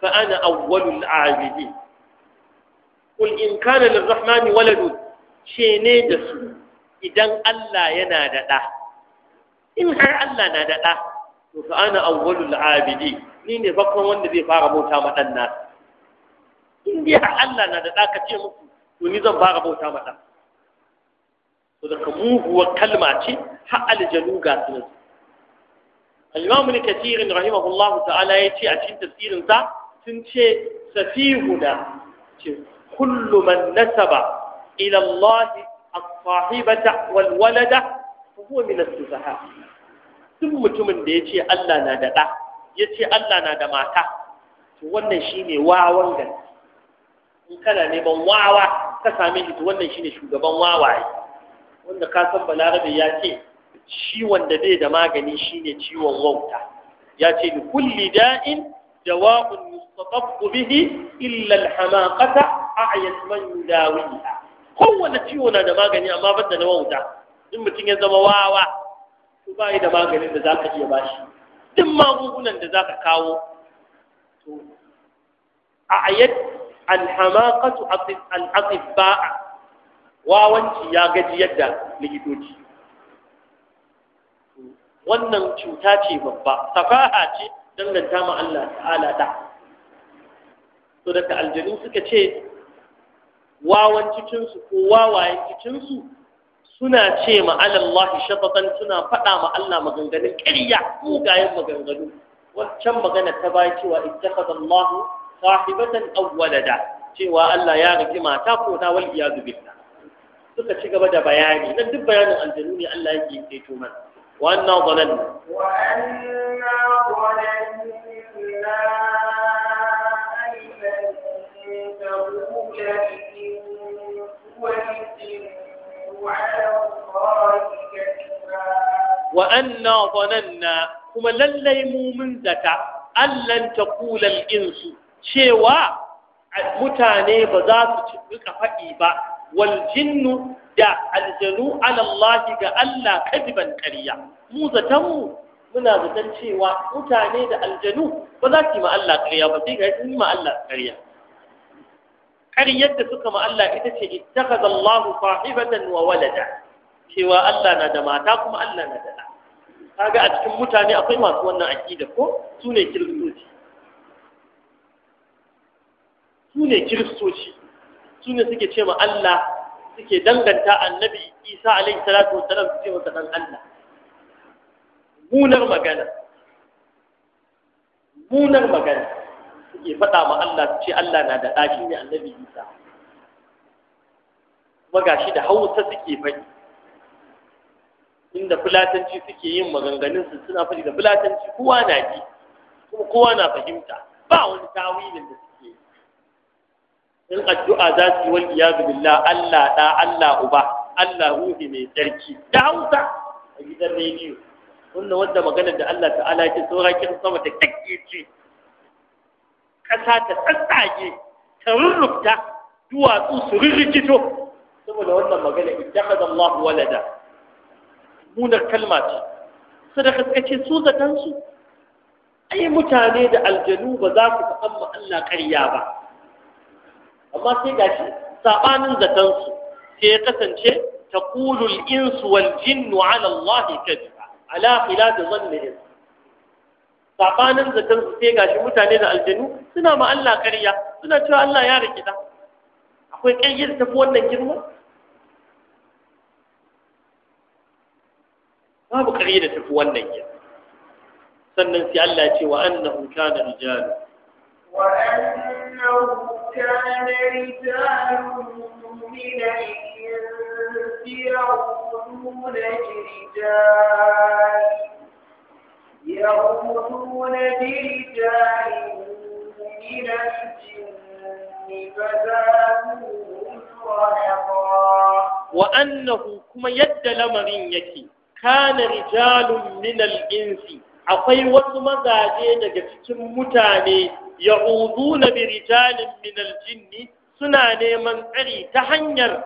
[SPEAKER 1] fa ana awwalul abidin qul in kana lir rahmani waladun ce ne da su idan Allah yana da da in har Allah na da da to fa ana awwalul abidin ni ne bakon wanda zai fara bauta ma dan na in Allah na da daka ce muku to zan fara bauta ma dan to kalma ce ha aljalu ga su al-imam ibn kathir rahimahullah ta'ala yace a cikin tafsirin sun ce safihu da ce kullu man nasaba ila Allah as-sahibata wal walada fa huwa min duk mutumin da ya ce Allah na da daka ya ce Allah na da mata to wannan shine wawan gaske in kana neman wawa ka same shi to wannan shine shugaban wawaye wanda ka san balarabe ya ce ciwon da bai da magani shine ciwon wauta ya ce ni kulli da'in dawa'un yustatabbu bihi illa al a'yat man yudawiha kowanne ciwo na da magani amma banda na wauta in mutum ya zama wawa ba yi da maganin da ka iya bashi duk magungunan da za ka kawo to a ayat alhamaqatu al-atibba'a wawanci ya gaji yadda likitoci wannan cuta ce babba safaha ce danganta ma Allah ta'ala da to daga aljanu suka ce wawan cikinsu ko wawayen cikinsu suna ce ma alallahi shafaqan suna faɗa ma Allah maganganun ƙarya mugayen maganganu wancan magana ta bayi cewa ittakhadha Allahu sahibatan aw walada cewa Allah ya rigi mata ko na wal iyadu billah suka ci gaba da bayani nan duk bayanin aljanu ne Allah yake yi to mana wa anna dhalalna wa anna
[SPEAKER 2] dhalalna aylan taqulu wal
[SPEAKER 1] waanna anna zananna kuma lallai mu mun zata allan kulan insu cewa mutane ba za su rika faɗi ba waljinnu da aljanu alallahi ga Allah kadiban ƙarya mu zatanmu muna zaton cewa mutane da aljanu ba za su yi ma Allah ƙarya ba sai ga yi ma Allah ƙarya har yadda suka ma Allah ita ce ittakhadha Allah sahibatan wa walada cewa Allah na da mata kuma Allah na da ɗa kaga a cikin mutane akwai masu wannan aqida ko su ne kiristoci su ne kiristoci su ne suke ce ma Allah suke danganta annabi Isa alaihi salatu wa salam su ce masa dan Allah munar magana munar magana suke faɗa ma Allah su ce Allah na da ɗaki ne annabi Isa kuma gashi da Hausa suke faɗi inda fulatanci suke yin maganganun su suna faɗi da fulatanci kowa na ji kuma kowa na fahimta ba wani tawilin da suke in addu'a za su yi wal iyadu billah Allah ɗa Allah uba Allah ruhi mai tsarki da Hausa a gidan rediyo wannan wanda maganar da Allah ta'ala ya ce saura kin sama ta takke ce ƙasa ta tsatsage ta rurrufta duwatsu su rirrikito saboda wannan magana ittakhadha Allah walada munar kalma ce sadaka kace su zatan su ai mutane da aljanu ba za su tsamma Allah ƙarya ba amma sai gashi sabanin zatan su sai ya kasance taqulu al-insu wal jinnu ala Allah kadiba ala khilaf dhanni sabanin zaton su sai gashi mutane da aljanu suna ma Allah ƙarya suna cewa Allah ya rike rikida akwai ƙayyar tafi wannan girma babu ƙarya da tafi wannan girma sannan sai Allah ya ce wa annahu kana rijal
[SPEAKER 2] wa annahu kana rijalu من الإنس يغضون الرجال يغمرون بالجاهل من الجن فزادوهم
[SPEAKER 1] وأنه كما يد لمرين كان رجال من الإنس أقوي وسما زاجين جفت متاني يعوضون برجال من الجن سناني من أري تحنر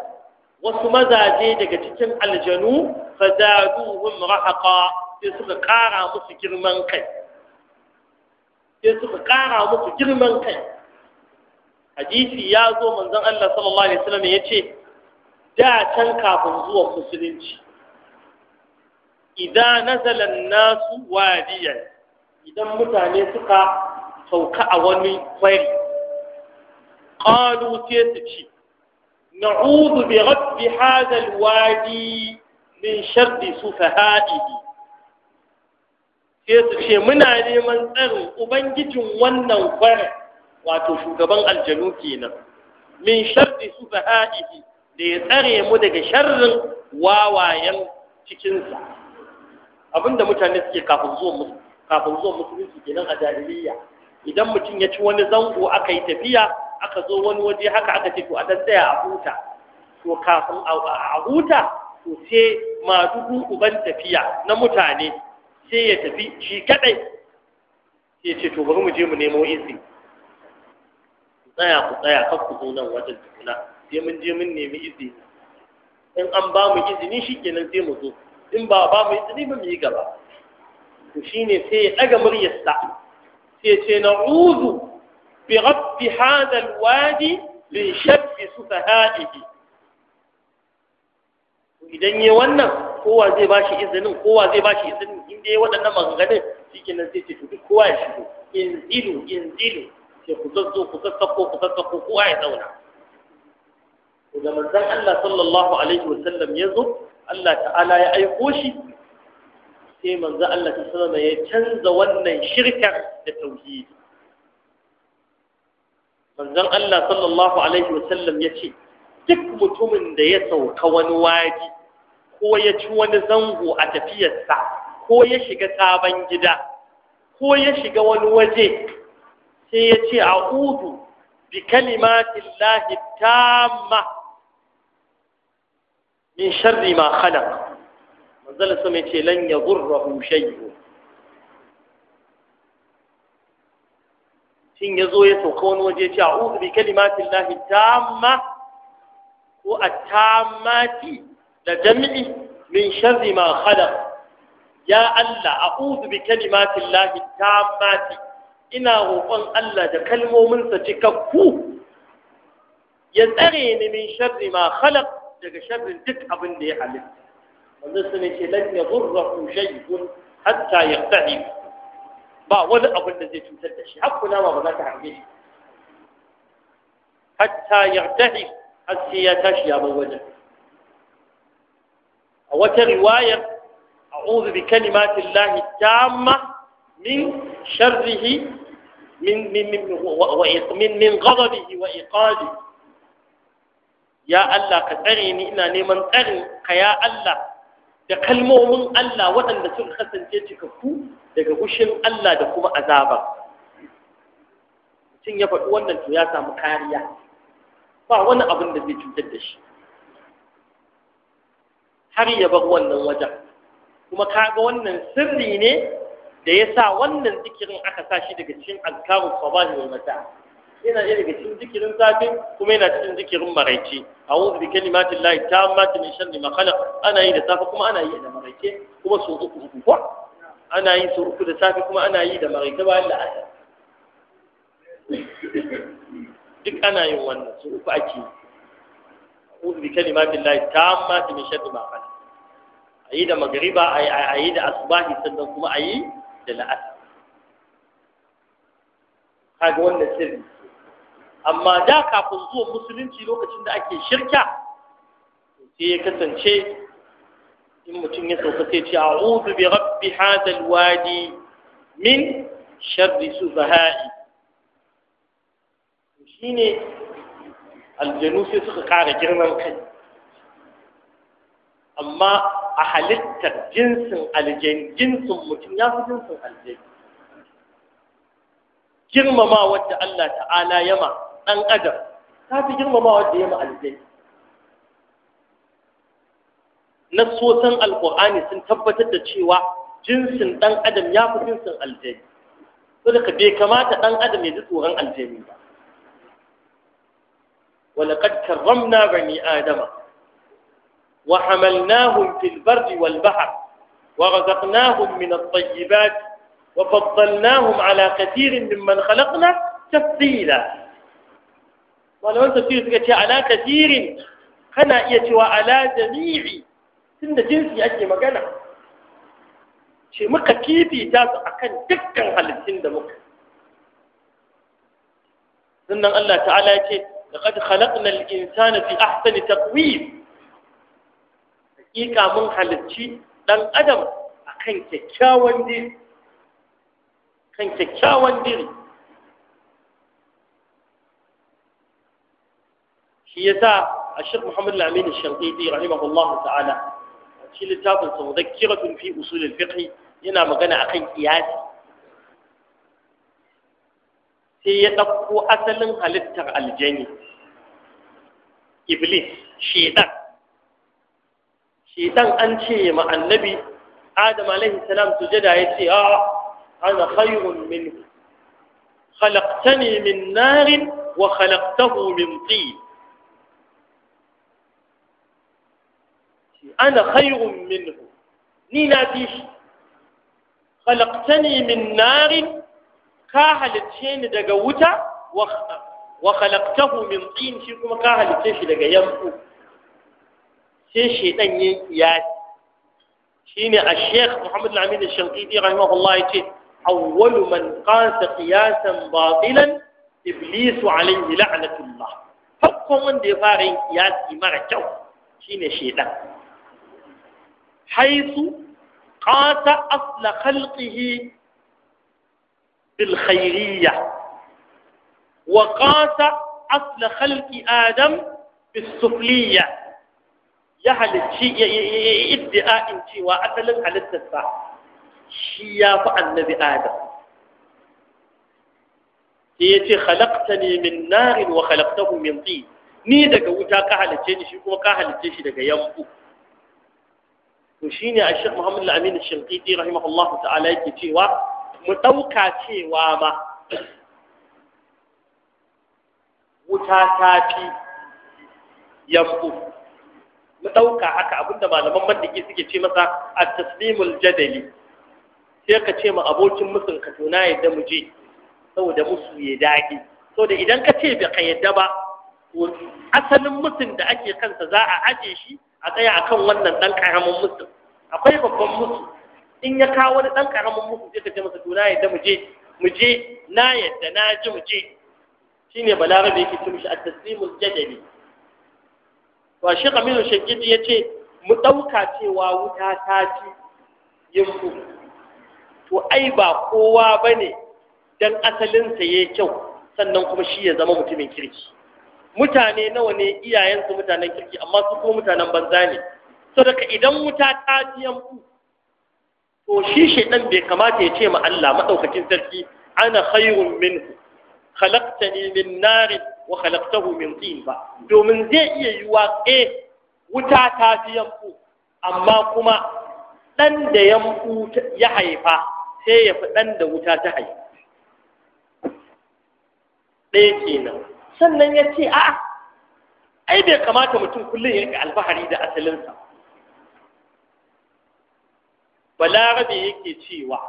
[SPEAKER 1] وسما زاجين جفت الجنوب فزادوهم رحقا sai suka ƙara musu girman kai sai suka ƙara musu girman kai hadisi ya zo manzon Allah sallallahu alaihi wasallam ya ce da can kafin zuwan musulunci idan nazala nasu wadiyan idan mutane suka sauka a wani kwari qalu sai su ce na'udhu bi rabbi hadha alwadi min sharri sufahaihi sai su ce muna neman tsarin ubangijin wannan kwarar wato shugaban aljanu kenan min sharri su fahaɗihi da ya tsare mu daga sharrin wawayen cikinsa abinda mutane suke kafin zuwan musulunci ke musulunci kenan a jahiliya idan mutum ya ci wani zango aka yi tafiya aka zo wani waje haka aka ce to a ɗan tsaya a huta to kafin a huta to sai masu uban tafiya na mutane sai ya tafi shi kadai sai ya ce to bari mu je mu nemo izini tsaya ku tsaya kar ku zo nan wajen tukuna sai mun je mun nemi izini in an ba mu izini shi kenan sai mu zo in ba ba mu izini ba mu yi gaba to shine sai ya daga muryarsa sai ya ce uzu bi rabbi hadha alwadi min shabbi sufahaihi idan yi wannan kowa zai ba shi izinin kowa zai ba shi izinin in dai waɗannan maganganun shi nan sai ce to duk kowa ya shigo in zilu in zilu sai ku zazzo ku sassako ku sassako kowa ya zauna da manzon Allah sallallahu alaihi wa sallam ya zo Allah ta'ala ya aiko shi sai manzon Allah ta sallama ya canza wannan shirkar da tauhidi manzon Allah sallallahu alaihi wa sallam ya ce duk mutumin da ya sauka wani waji ko ya ci wani zango a tafiyarsa ko ya shiga sabon gida ko ya shiga wani waje sai ya ce hudu bi kalimatin lahi tamma min sharri ma khalaq manzal sama ce lan ya yadurruhu shay'un shin ya zo ya sauka wani waje ce hudu bi kalimatin lahi tamma ko at-tammati da jami'i min sharri ma khalaq ya Allah a'udhu bi kalimatin lahi tammati ina roƙon Allah da kalmomin kalmominsa cikakku ya tsare ni min sharri ma khalaq daga sharrin duk abin da ya halitta wanda su ne ce lan yadurruhu shay'un hatta yaqtahi ba wani abin da zai cutar da shi har kuna ma ba za ta hange shi hatta yaqtahi har sai ya tashi ya bar wajen a wata riwayar a'udhu bi kalimatin lahi tamma min sharrihi min min min min min wa iqali ya Allah ka tsare ni ina neman tsarin ka ya Allah da kalmomin Allah waɗanda suka kasance cikakku daga ushin Allah da kuma azaba mutum ya faɗi wannan to ya samu kariya ba wani abin da zai cutar da shi har ya bar wannan wajen kuma kaga wannan sirri ne da ya sa wannan zikirin aka sa shi daga cikin azkarun sabahi wal mata yana ɗaya daga cikin zikirin safe kuma yana cikin zikirin maraice A a'udhu bi kalimatin lahi tammati min sharri ma khalaq ana yi da safe kuma ana yi da maraice kuma su uku uku ko ana yi su uku da safe kuma ana yi da maraice bayan da asar duk ana yin wannan su uku ake yi. A a'udhu bi kalimatin lahi tammati min sharri ma khalaq a yi da magariba a yi da asubahi sannan kuma a yi da la'asar kaga wannan sirri amma da kafin zuwa musulunci lokacin da ake shirka sai ya kasance in mutum ya sauka sai ce a'udhu bi rabbi hadha alwadi min sharri sufaha'i shine aljanu sai suka kara girman kai amma a halittar jinsin aljani jinsin mutum ya fi jinsin aljani girmama wadda Allah ta'ala yama ɗan adam ta fi girmama wadda yama Na sosan alƙur'ani sun tabbatar da cewa jinsin ɗan adam ya fi jinsin aljani saboda bai kamata ɗan adam ya ji tsoron aljani ba ولقد كرمنا بني آدم وحملناهم في البر والبحر ورزقناهم من الطيبات وفضلناهم على كثير ممن خلقنا تفصيلا ولو انت تفصيل تقول على كثير خنا يتوى على جميع سن جنسي أجي مقانا شي مكة كيف جاز أكن دكا على السن مكا سنة الله تعالى يتوى لقد خلقنا الإنسان في أحسن تقويم ika mun halicci dan adam akan kyakkyawan diri kan kyakkyawan diri shi yasa الشيخ محمد العمين الشنقيطي رحمه الله تعالى في كتاب مذكرة في أصول الفقه هنا مغنى أخي قياس هي تبقو أسلم هل الجني إبليس شيطان shidan an ce ma annabi adam alaihi salam sujada ya ce a ana khayrun min khalaqtani min nar wa khalaqtahu min tin shi ana khayrun minhu ni na fi khalaqtani min nar ka halicce ni daga wuta wa khalaqtahu min tin shi kuma ka halicce shi daga yamu الشيخ محمد العميد الشنقيطي رحمه الله يجي أول من قاس قياسا باطلا إبليس عليه لعنة الله حكم دفاعي يا قياسي مرجو شين شيطان حيث قاس أصل خلقه بالخيرية وقاس أصل خلق آدم بالسفلية ya halicci ya iddi'a'in cewa asalin halittarsa shi ya fi annabi adam sai ya ce halakta ne min narin wa halaktahu min tsi ni daga wuta ka halicce ni shi kuma ka halicce shi daga yambu to ne a shek muhammadu aminu shirkiti rahimahullah ta'ala yake cewa mu ɗauka cewa ma wuta ta fi yambu mu ɗauka haka abinda malaman mandiki suke ce masa a taslimul jadali sai ka ce ma abokin musun ka tona yadda mu je saboda musu ya daɗi saboda idan ka ce bai ka yadda ba asalin musun da ake kansa za a aje shi a tsaya akan wannan ɗan ƙaramin musun akwai babban musu in ya kawo wani ɗan ƙaramin musu sai ka ce masa tona yadda mu je mu je na yadda na ji mu je shine balarabe yake ce at-taslimul jadali to a shekha minu ya ce mu ɗauka cewa wuta ta ci yinku to ai ba kowa ba ne don asalinsa ya kyau sannan kuma shi ya zama mutumin kirki mutane nawa ne iyayensu mutanen kirki amma su ko mutanen banza ne saboda idan wuta ta ci yanku to shi shaidan bai kamata ya ce ma Allah madaukakin sarki ana khairun minhu khalaqtani min narin wa khalaqtahu min tin ba domin zai iya yiwa e eh, wuta ta fi yanku amma kuma dan da yanku ya haifa sai ya fi dan da wuta ta haifa ɗaya kenan sannan ya ce a ai bai kamata mutum kullum ya alfahari da asalinsa balarabe yake cewa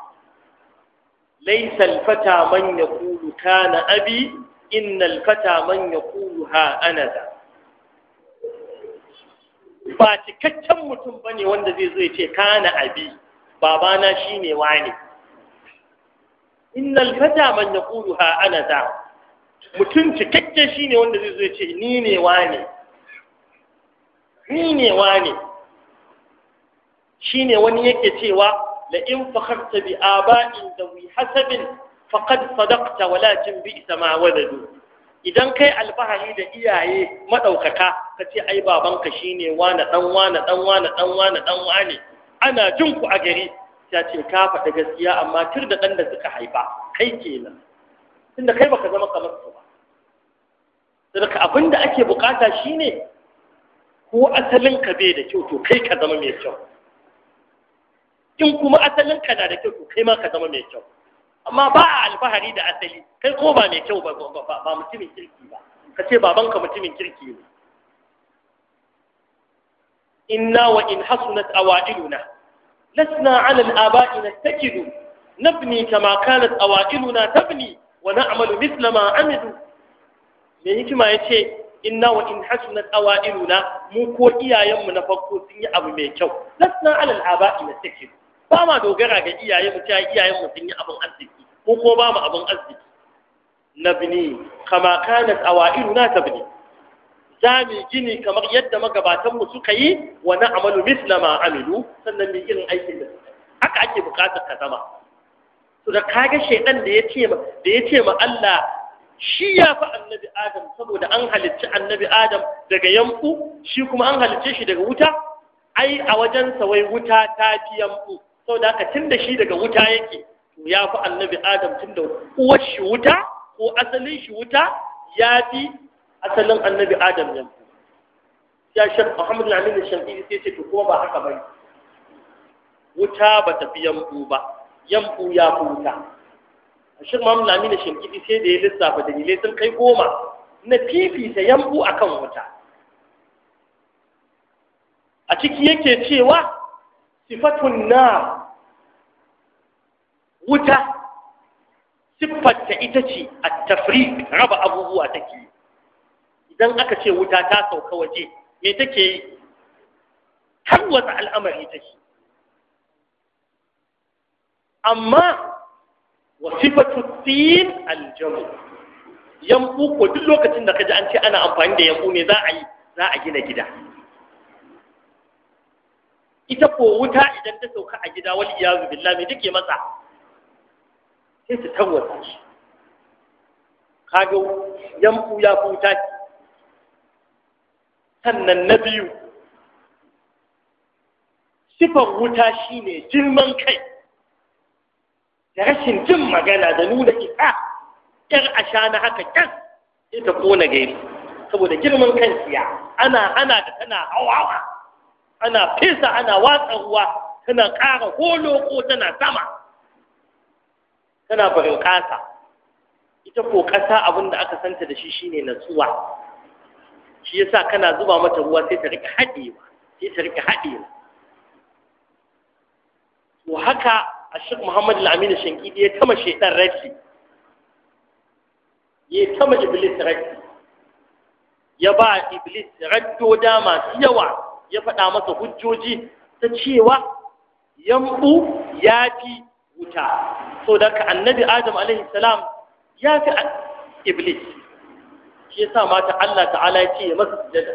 [SPEAKER 1] laisa alfata man yaqulu kana abi innal fata man ya yaqulu ha anaza ba cikakken mutum bane wanda zai zo ya ce kana abi babana shine wani innal fata man ya yaqulu ha anaza mutum cikakke ne wanda zai zo ya ce ni ne wani ni ne wani shine wani yake cewa la in fakharta bi aba'in dawi hasabin faqad sadaqta walakin bi ma wadadu idan kai alfahari da iyaye maɗaukaka, ka ce ai babanka shine wane dan wani ɗan wani dan wani dan ne? ana jin ku a gari ta ce ka faɗi gaskiya amma tur da ɗan da suka haifa kai kenan tunda kai baka zama kamar su ba saboda abin da ake bukata shine ko asalin ka bai da kyau to kai ka zama mai kyau in kuma asalin ka na da kyau to kai ma ka zama mai kyau amma ba a alfahari da asali kai ko ba mai kyau ba ba mutumin kirki ba ka ce babanka mutumin kirki ne inna wa in hasunat awailuna lasna ala al-aba'i nastakidu nabni kama kanat awailuna tabni wa na'malu mithla ma amilu me hikima yace inna wa in hasunat awailuna mu ko iyayenmu na farko sun yi abu mai kyau lasna ala al-aba'i nastakidu ba ma dogara ga iyaye mu ta iyaye mu sun yi abin arziki ko ko ba mu abin arziki nabni kama kanat ta tabni za mu gini kamar yadda magabatan mu suka yi wa amalu misla ma amilu sannan mu irin aikin da haka ake bukatar ka zama to da kage shedan da ya ce ma da ya ce ma Allah shi ya fi annabi Adam saboda an halicci annabi Adam daga yamfu shi kuma an halicce shi daga wuta ai a wajen sa wai wuta ta fi yamfu sau da aka tun da shi daga wuta yake ya fi annabi adam tun da uwar shi wuta ko asalin shi wuta ya fi asalin annabi adam yanzu ya shan muhammadu lamini iri sai ce to kuma ba haka bai wuta ba ta fi yambu ba yambu ya fi wuta shan muhammadu lamini iri sai da ya lissafa dalilai sun kai goma na fifita yambu akan wuta a ciki yake cewa sifatun na wuta siffarta ita ce a tafri raba abubuwa take yi idan aka ce wuta ta sauka waje me take yi tarwata al'amari take amma wa sifatu tin aljamu yanku ko duk lokacin da ka kaji an ce ana amfani da yambu ne za a yi za a gina gida ita ko wuta idan ta sauka a gida wani iyazu billahi me take matsa sai ta tarwata shi kaga yanku ya kuta sannan na biyu sifar wuta shine girman kai da rashin jin magana da nuna isa ƙyar asha na haka ƙyar sai ta kona gari saboda girman kan siya ana ana da tana
[SPEAKER 3] hawawa
[SPEAKER 1] ana fesa ana watsa ruwa tana ƙara ko tana sama tana barin ƙasa ita ko ƙasa abin da aka santa da shi shine natsuwa shi yasa kana zuba mata ruwa sai ta rika haɗewa sai ta rika haɗewa to haka ashik muhammad al-amin shankidi ya tama shaidan rafi ya tama iblis rafi ya ba iblis raddoda masu yawa ya faɗa masa hujjoji ta cewa yambu ya fi wuta so da ka annabi adam alaihi salam ya fi iblis shi yasa mata Allah ta'ala ya ce ya masa sujada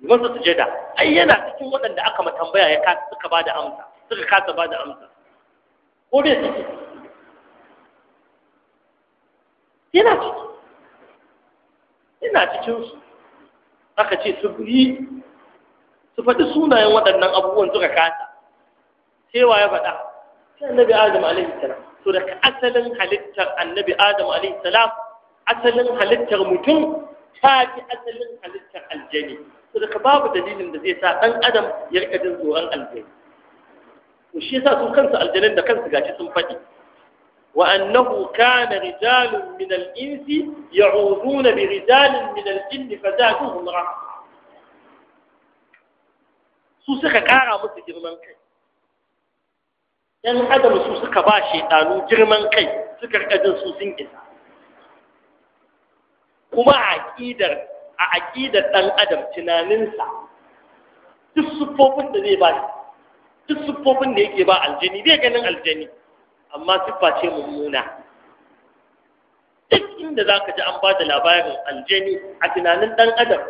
[SPEAKER 1] ya masa sujada ai yana cikin waɗanda aka ma tambaya ya kasa suka bada amsa suka kasa bada amsa ko bai ciki yana ciki yana cikin su aka ce su yi su faɗi sunayen waɗannan abubuwan suka kasa sai ya faɗa sai annabi adam alaihi salam to daga asalin halittar annabi adam alaihi salam asalin halittar mutum ta fi asalin halittar aljani to daga babu dalilin da zai sa ɗan adam ya rika jin tsoron aljani to shi yasa su kansu aljanin da kansu gashi sun faɗi وأنه كان رجال من الإنس يعوذون برجال من الجن فزادوهم رهقا su suka kara musu girman kai yan adam su suka ba shaitanu girman kai suka rika su sun isa kuma a ƙidar a adam tunaninsa duk siffofin da zai ba duk siffofin da yake ba aljani bai ganin aljani amma siffa ce mummuna duk inda za ka ji an ba da labarin aljani a tunanin ɗan adam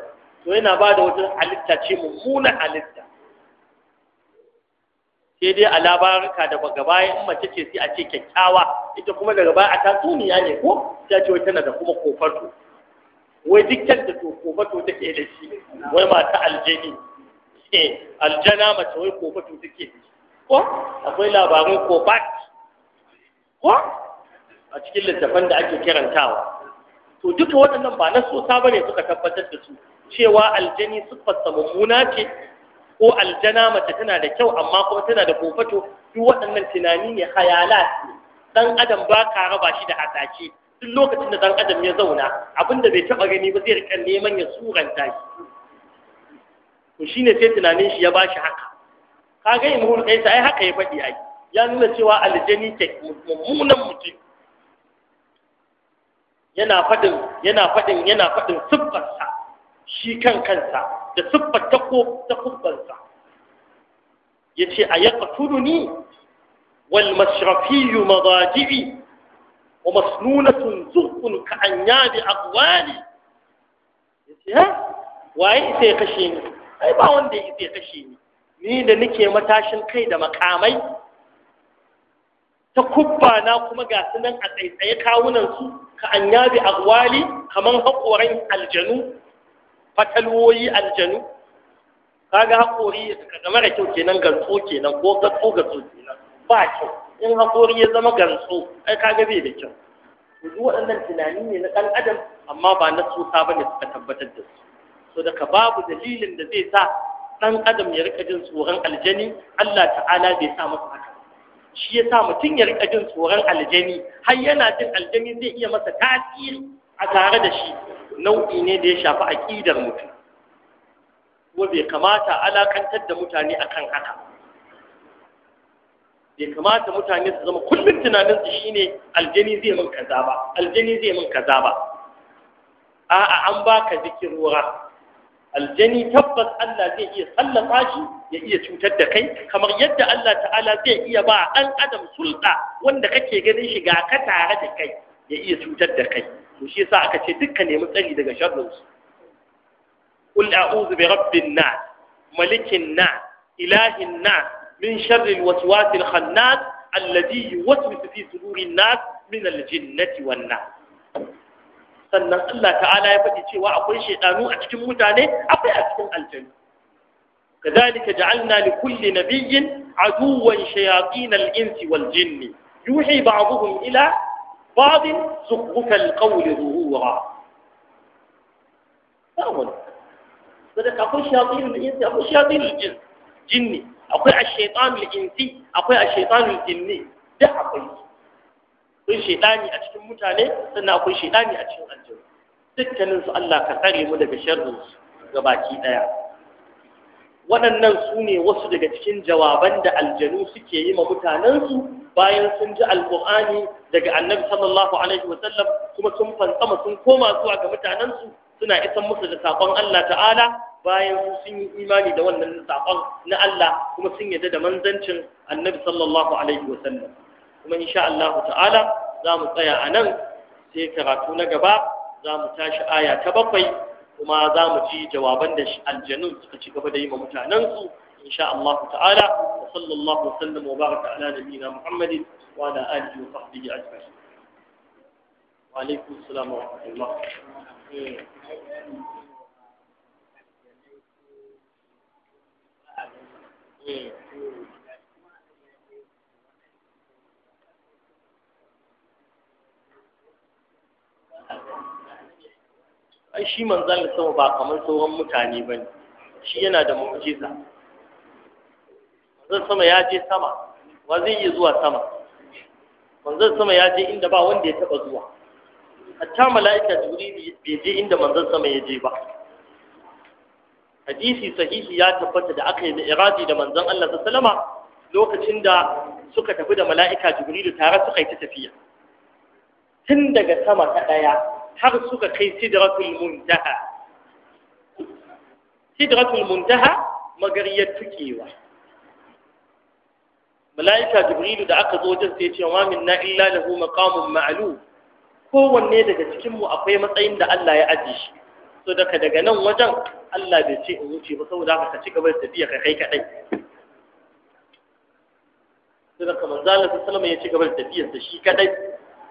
[SPEAKER 1] to yana ba da wata halitta ce mummuna halitta sai dai a labarka da daga baya in mace ce sai a ce kyakkyawa ita kuma daga baya a tatsuniya ne ko ta ce wai tana da kuma kofato wai dukkan da to ta take da shi wai mata aljani eh aljana mace wai kofato take da shi ko akwai labarin kofat ko a cikin littafan da ake kirantawa to duka waɗannan ba na sosa bane suka tabbatar da su cewa aljani siffarsa mummuna ce ko aljana mace tana da kyau amma kuma tana da kofato duk waɗannan tunani ne hayalat ne dan adam ba ka raba shi da hasashe duk lokacin da dan adam ya zauna abinda bai taba gani ba zai rika neman ya suranta shi to shine sai tunanin shi ya ba shi haka Ka kaga imrul qais ai haka ya faɗi ai ya nuna cewa aljani ke mummunan mutum yana faɗin yana faɗin yana faɗin siffarsa shi kan kansa da siffar ta ko yace ayaqtuluni wal mashrafiyyu madajibi wa masnunatun zuqun ka anyadi aqwali yace ha waye sai kashe ni ai ba wanda ya kashe ni ni da nake matashin kai da makamai ta kubba na kuma ga su a tsaitsaye kawunan su ka anyadi aqwali kaman haƙoran aljanu fatalwoyi aljanu kaga haƙori ka mara kyau kenan gantsu kenan ko gatso gatso kenan ba kyau in hakori ya zama gantsu, ai kaga bai da kyau duk waɗannan tunani ne na ɗan adam amma ba na tsosa ba ne suka tabbatar da su so daga babu dalilin da zai sa ɗan adam ya rika jin tsoron aljani Allah ta'ala bai sa masa haka shi ya sa mutum ya rika jin tsoron aljani har yana jin aljani zai iya masa tasiri
[SPEAKER 3] a tare da shi nau'i ne da ya shafi aƙidar
[SPEAKER 1] mutum ko bai kamata alakantar da mutane akan haka bai kamata mutane su zama kullum tunaninsu shine aljani zai min kaza ba aljani zai min kaza ba a'a an baka zikirura aljani tabbas Allah zai iya sallafa shi ya iya cutar da kai kamar yadda Allah ta'ala zai iya ba ɗan adam sulɗa wanda kake ganin shi ga ka tare da kai ya iya cutar da kai to shi yasa aka ce dukkan nemi tsari daga sharrinsu قل أعوذ برب الناس ملك الناس إله الناس من شر الوسواس الخناس الذي يوسوس في صدور الناس من الجنة والناس sannan Allah ta'ala ya faɗi cewa akwai shaidanu a cikin mutane akwai a cikin aljanu kadhalika ja'alna li kulli nabiyyin aduwwan shayatin al-insi wal jinni yuhi ba'dhuhum ila ba'd zukhrufa al-qawli dhuhura sadaka akwai shayatin al-insi akwai shayatin al-jin jinni akwai a shaytan al-insi akwai ash-shaytan al-jinni da akwai akwai shaytani a cikin mutane sannan akwai shaytani a cikin aljanna dukkanin su Allah ka tsare mu daga sharrin su ga baki ɗaya. waɗannan su ne wasu daga cikin jawaban da aljanu suke yi ma mutanensu bayan sun ji alƙur'ani daga annabi sallallahu alaihi wa sallam, kuma sun fantsama sun koma zuwa ga mutanensu suna isan musu da saƙon Allah ta'ala bayan su sun yi imani da wannan saƙon na Allah kuma sun yarda da manzancin annabi sallallahu alaihi wa sallam kuma insha Allah ta'ala za mu tsaya a nan sai karatu na gaba za mu tashi aya ta bakwai kuma za mu ji jawaban da aljanun suka ci gaba da yi ma mutanensu insha Allah ta'ala wa sallallahu wa sallam wa baraka ala nabiyina Muhammadin wa ala alihi wa sahbihi ajma'in wa alaikum assalam wa rahmatullah ai shi manzan sama ba kamar sauran mutane ba ne shi yana da mu'jiza manzan sama ya je sama wa zai iya zuwa sama manzan sama ya je inda ba wanda ya taba zuwa hatta mala'ika jibril bai je inda manzon sama ya je ba hadisi sahihi ya tabbata da aka yi mi'raji da manzon Allah sallallahu alaihi lokacin da suka tafi da mala'ika jibril tare suka yi ta tafiya tun daga sama ta daya har suka kai sidratul muntaha sidratul muntaha magariyar tukewa mala'ika jibril da aka zo wajen sai ya ce wa minna illa lahu maqamun ma'lum kowanne daga cikinmu akwai matsayin da Allah ya aji shi so daga daga nan wajen Allah bai ce in wuce ba saboda haka ci gaba da tafiya ka kai kaɗai? so daga manzo su salama ya ci gaba da tafiyar da shi kaɗai,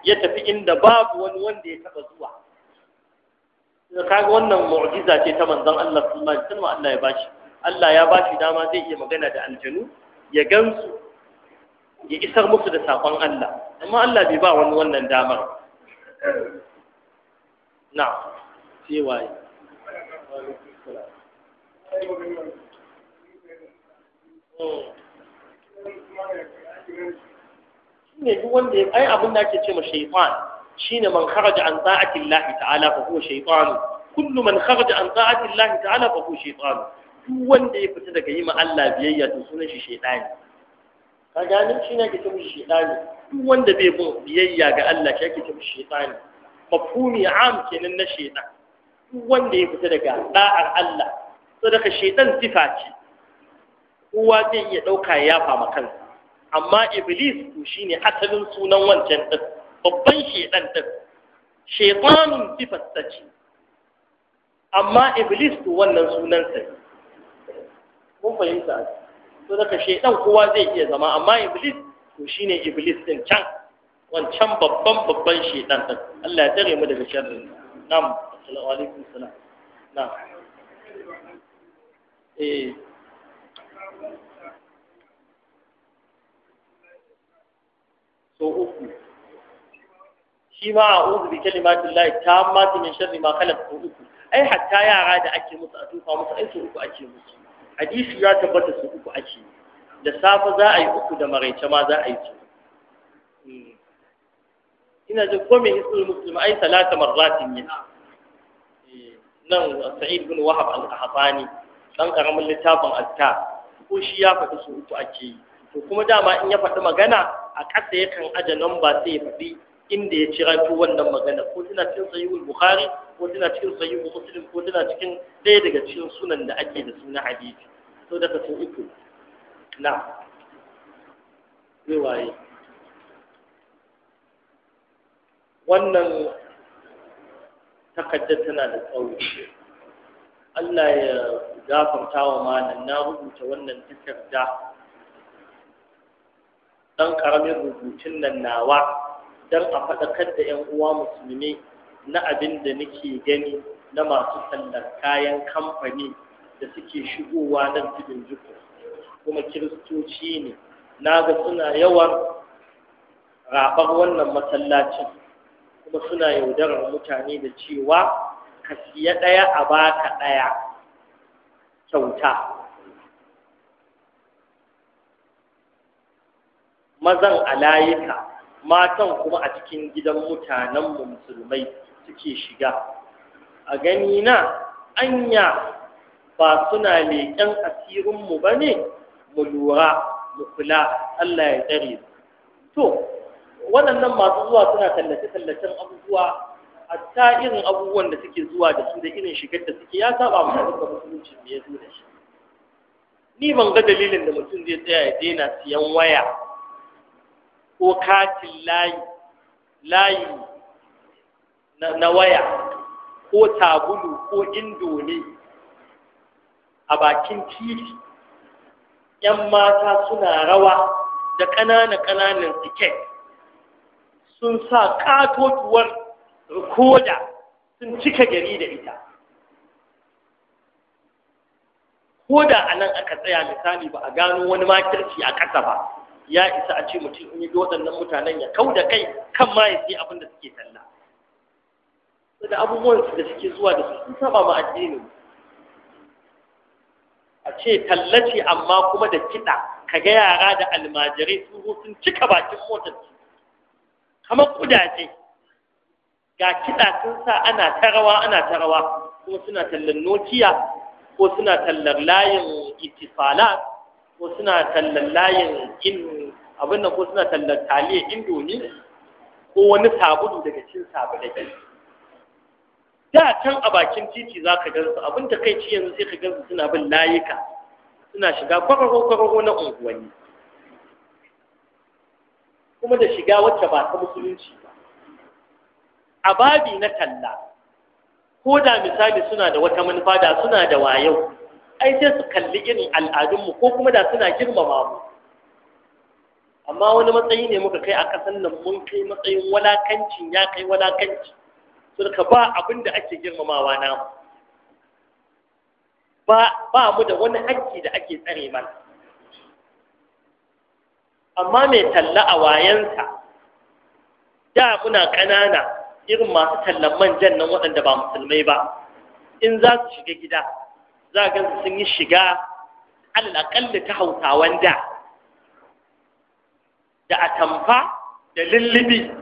[SPEAKER 1] ya tafi inda babu wani wanda ya taɓa zuwa da kaga wannan mu'jiza ce ta manzon Allah sallallahu alaihi wasallam Allah ya bashi Allah ya bashi dama zai iya magana da aljanu ya gansu ya isar musu da sakon Allah amma Allah bai ba wani wannan damar na cewa ne duk wanda ya ai abin da ake ce ma shaytan shine man kharaja an ta'ati Allah ta'ala fa huwa shaytan kullu man kharaja an ta'ati Allah ta'ala fa huwa shaytan duk wanda ya fita daga yi ma Allah biyayya to sunan shi shaytani ka gane shi ne ke ce mishi shaytani wanda bai bin biyayya ga Allah shi ake cewa shaytani mafhumi am kenan na shaytan duk wanda ya fita daga da'ar Allah daga shaytan sifa ce kowa zai iya dauka ya fama kansa amma iblis to shine asalin sunan wancan din babban shaytan din shaytanun ta ce amma iblis to wannan sunan sa mun fahimta to daga shaytan kowa zai iya zama amma iblis to shine iblis ɗin can wancan babban babban ɗan ɗan. Allah ya tare mu daga sharri na'am assalamu alaikum salam na'am eh so uku shi ma a uzu bi kalimatin lai ta mati min sharri ma kala so uku ai hatta yara da ake musu a tufa musu ai so uku ake musu hadisi ya tabbata so uku ake da safe za a yi uku da maraice ma za a yi ci hmm. ina jin ko mai hisul muslim ai talata marratin ne eh, nan sa'id bin wahab al-ahfani dan karamin littafin atta ko shi ya faɗi su uku ake yi to kuma dama in ya faɗi magana a ƙasa yakan aje ba sai ya faɗi inda ya ci rafi wannan magana ko tana cikin sahihul bukhari ko tana cikin sahihul muslim ko tana cikin ɗaya daga cikin sunan da ake da suna hadisi to daga sun uku na wannan takaddar tana da tsawo Allah ya gafarta wa malam na rubuta wannan takarda dan karamin rubutun nan nawa dan a faɗakar da 'yan uwa musulmi na abin da nake gani na masu sallar kayan kamfani da suke shigowa nan cikin jikinku kuma kiristoci ne na ga suna yawan raɓar wannan masallacin kuma suna yaudarar mutane da cewa ka siya ɗaya a baka ɗaya kyauta mazan a layuka matan kuma a cikin gidan mutanen musulmai suke shiga a gani na anya ba suna leƙen asirinmu ba ne mu lura mu kula Allah ya tsare to waɗannan masu zuwa suna tallace-tallacen abubuwa hatta irin abubuwan da suke zuwa da su da irin shigar da suke ya saba mu da musulunci da ya zo da shi ni ban ga dalilin da mutum zai tsaya ya daina siyan waya ko katin layi layi na waya ko tabulu ko indomi a bakin titi 'yan mata suna rawa da ƙananan-ƙananan siket sun sa ƙatotuwar rikoda sun cika gari da ita ko da a nan aka tsaya misali ba a gano wani makirci a ƙasa ba ya isa a ce mutum in yi waɗannan mutanen ya kau da kai kan ma ya sai suke talla da abubuwan da suke zuwa da su sun saba ma addini a ce tallace amma kuma da kiɗa ka ga yara da almajirai sun sun cika bakin motar kamar kudaje ga kiɗa sun sa ana ta rawa ana ta rawa Ko suna tallar nokiya ko suna tallar layin itifala ko suna tallar layin in abin nan ko suna tallar taliya indomi ko wani sabulu daga cin sabulai da can a bakin titi za ka gansu abin da kai ci yanzu sai ka gansu suna bin layuka suna shiga kwararo-kwararo na unguwanni kuma da shiga wacce ba ta musulunci ba a babi na talla ko da misali suna da wata manufa da suna da wayo ai sai su kalli irin al'adunmu ko kuma da suna girmama mu amma wani matsayi ne muka kai a ƙasan nan mun kai matsayin walakancin ya kai walakanci suka ba abin da ake girmamawa na ba mu da wani hakki da ake tsare mana amma mai talla a wayansa da muna ƙanana irin masu tallan manjan nan waɗanda ba musulmai ba in za su shiga gida za a gansu sun yi shiga alaƙalli ta hausawan da da atamfa da lullubi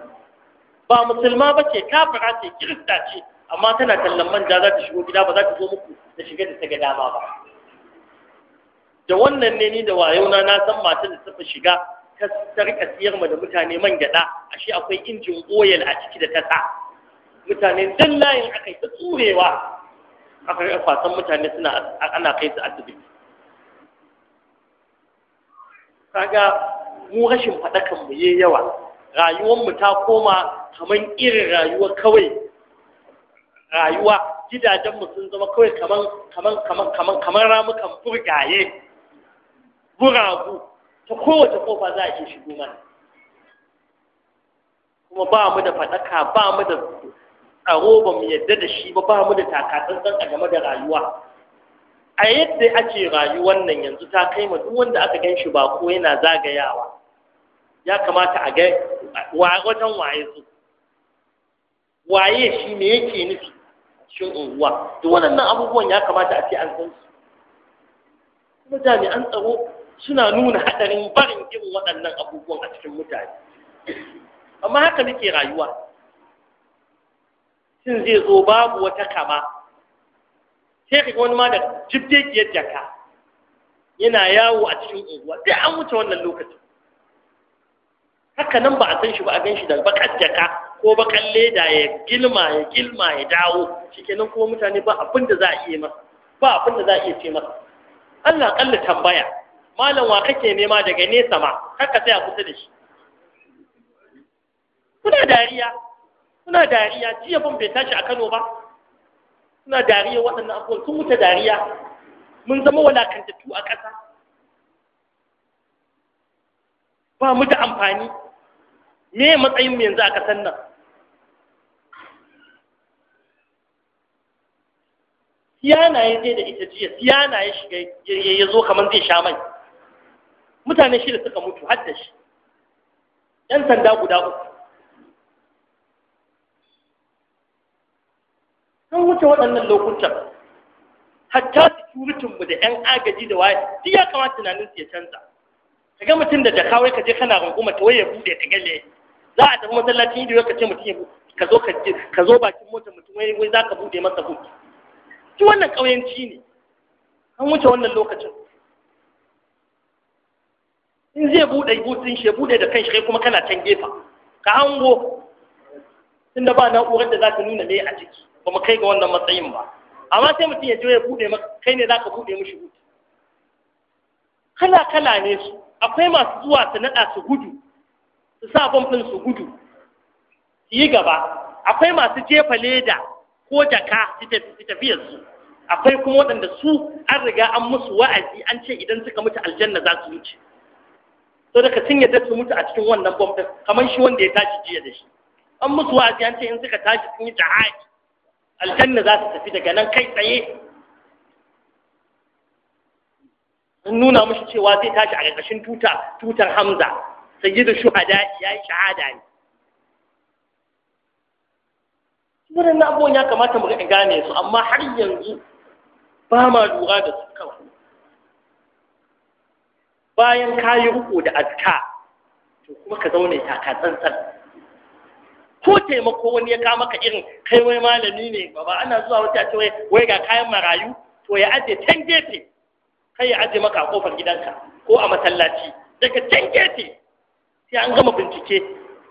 [SPEAKER 1] ba musulma ba ce kafira ce kirista ce amma tana tallan manja za ta shigo gida ba za ta zo muku da shiga da ta ga dama ba da wannan ne ni da wayona na san matar da tafi shiga ta tarka siyar ma da mutane man gyaɗa ashe akwai injin oil a ciki da ta sa mutane dan layin akai ta tsurewa aka yi kwasan mutane suna ana kai su asibiti kaga mu rashin faɗakan mu yayi yawa mu ta koma kaman irin rayuwa kawai rayuwa gidajenmu sun zama kawai kaman-kaman-kaman, kamar kaman ramukan burgaye guragu ta kowace kofa za a iya shigo mana kuma ba mu da fadaka ba mu da tsaro ba mu yadda da shi ba ba mu da takatsantsan a game da rayuwa a yadda ake rayuwar nan yanzu ta kai ma duk wanda aka gan shi bako yana zagayawa ya kamata a ga Wa wajen waye su waye shi ne yake nufi cikin unguwa duk waɗannan abubuwan ya kamata a ce an san su kuma jami'an tsaro suna nuna haɗarin barin irin waɗannan abubuwan a cikin mutane amma haka nake rayuwa shin zai zo babu wata kama sai kaga wani ma da yadda jaka yana yawo a cikin unguwa sai an wuce wannan lokacin haka nan ba a san shi ba a gan shi da bakar jaka ko bakar leda ya gilma ya gilma ya dawo nan kuma mutane ba abin da za a iya masa ba abin da za a iya ce masa Allah kalla tambaya malam wa kake nema daga nesa ma haka sai a kusa da shi kuna dariya kuna dariya jiya ban bai tashi a Kano ba kuna dariya waɗannan abubuwan sun wuce dariya mun zama walakantattu a ƙasa ba mu da amfani me matsayin mu yanzu a ƙasar nan siyana ya je da ita jiya siyana ya shiga ya zo kamar zai sha mai mutane shida suka mutu har da shi yan sanda guda uku
[SPEAKER 3] Sun wuce waɗannan lokutan
[SPEAKER 1] hatta securitin mu da yan agaji da waye duk ya kamata tunanin su ya canza ka ga mutum da jakawai ka je kana runguma ta waye bude ta gale za a tafi masallacin idi ka ce mutum ka zo ka zo bakin motar mutum wai wani za ka bude masa hut ki wannan ƙauyenci ne an wuce wannan lokacin in zai bude hutun shi ya bude da kanshi kai kuma kana can gefa ka hango tunda ba na'urar da za ta nuna mai a ciki ba mu kai ga wannan matsayin ba amma sai mutum ya je ya bude maka kai ne za ka bude mishi hutu kala kala ne su akwai masu zuwa su su gudu su sa bom su gudu su yi gaba akwai masu jefa leda ko jaka su tafiyar su akwai kuma waɗanda su an riga an musu wa'azi an ce idan suka mutu aljanna za su wuce to daga sun yadda su mutu a cikin wannan bom ɗin kamar shi wanda ya tashi jiya da shi an musu wa'azi an ce in suka tashi sun yi jihadi aljanna za su tafi daga nan kai tsaye sun nuna mushi cewa zai tashi a ƙarƙashin tutar hamza sayyidu shuhada ya yi shahada ne waɗannan abubuwan ya kamata mu gane su amma har yanzu ba ma lura da su kawai bayan ka yi riko da azka to kuma ka zaune ka tsantsar ko taimako wani ya kama ka irin kai wai malami ne baba ana zuwa wata ce wai ga kayan marayu to ya aje can gefe kai ya aje maka a kofar gidanka ko a masallaci daga can gefe sai an gama bincike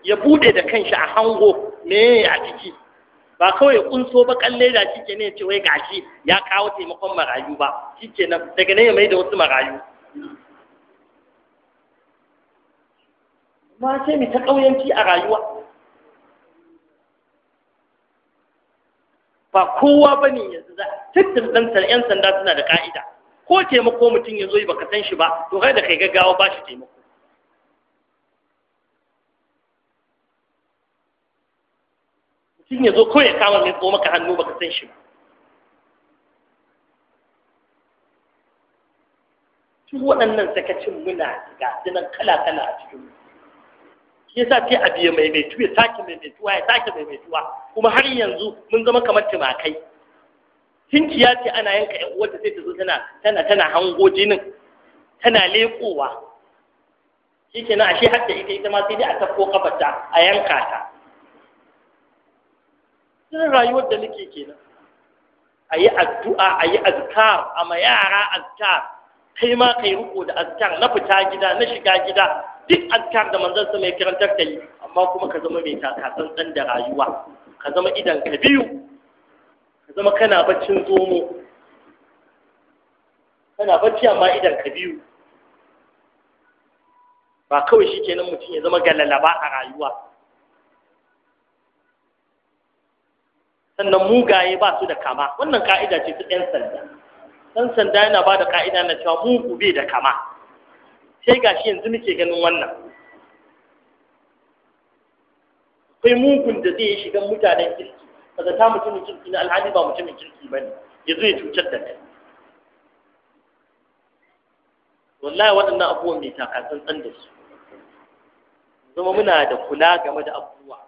[SPEAKER 1] ya bude da kanshi a hango me a ciki ba kawai ya kunso ba kalle da shi ne ce wai gashi ya kawo taimakon marayu ba shi kenan daga nan ya mai da wasu marayu ma ce mi ta kauyanci a rayuwa ba kowa ba ne yanzu za tattun ɗantar 'yan sanda suna da ƙa'ida ko taimako mutum ya zo yi baka san shi ba to kai da kai gaggawa ba shi taimako
[SPEAKER 3] sun ya zo kawai ya kama mai
[SPEAKER 1] maka hannu baka san shi ba duk waɗannan sakacin muna ga nan kala-kala a cikin shi sa sai a biya mai mai tuwa sake mai mai tuwa ya sake mai mai tuwa kuma har yanzu mun zama kamar tumakai tinkiya ce ana yanka ƴan uwarta sai ta zo tana tana tana hango jinin tana leƙowa shikenan ashe har da ita ita ma sai dai a tafko kafarta a yanka ta irin rayuwar da nake kenan a yi addu'a a yi azkar a ma yara azkar kai ma kai ruko da azkar na fita gida na shiga gida duk azkar da manzon sa mai karantar ka yi amma kuma ka zama mai taka-tsantsan da rayuwa ka zama idan ka biyu ka zama kana baccin zomo kana bacci amma idan ka biyu ba kawai shi kenan mutum ya zama galalaba a rayuwa sannan mugaye ba su da kama wannan ka'ida ce ta ɗan sanda ɗan sanda yana ba da ka'ida na cewa mugu bai da kama sai gashi yanzu muke ganin wannan akwai mugun da zai shiga mutanen kirki daga ta mutumin kirki na alhali ba mutumin kirki ba ne ya zo ya cutar da kai wallahi waɗannan abubuwan mai takatsantsan da su zama muna da kula game da abubuwa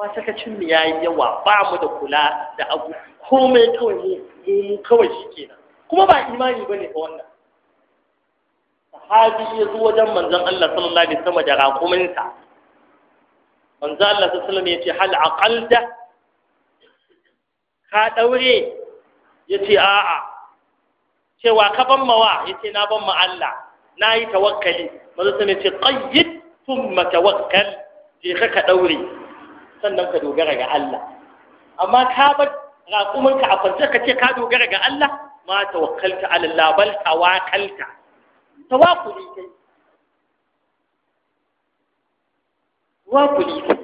[SPEAKER 1] ba sakacin mu yayi yawa ba mu da kula da abu komai kawai mu mu kawai shi kenan kuma ba imani bane ba wannan sahabi ya zo wajen manzon Allah sallallahu alaihi wasallam da raƙuminsa manzon Allah sallallahu alaihi wasallam ya ce hal aqalda ka daure ya ce a'a cewa ka ban mawa ya ce na ban ma Allah na yi tawakkali manzon sallallahu alaihi wasallam ya ce qayyid thumma tawakkal je ka ka daure sannan ka dogara ga Allah amma ka bar ka a kwance ka ce ka dogara ga Allah ma tawakkalta ala Allah bal tawakkalta tawakkuli kai tawakkuli kai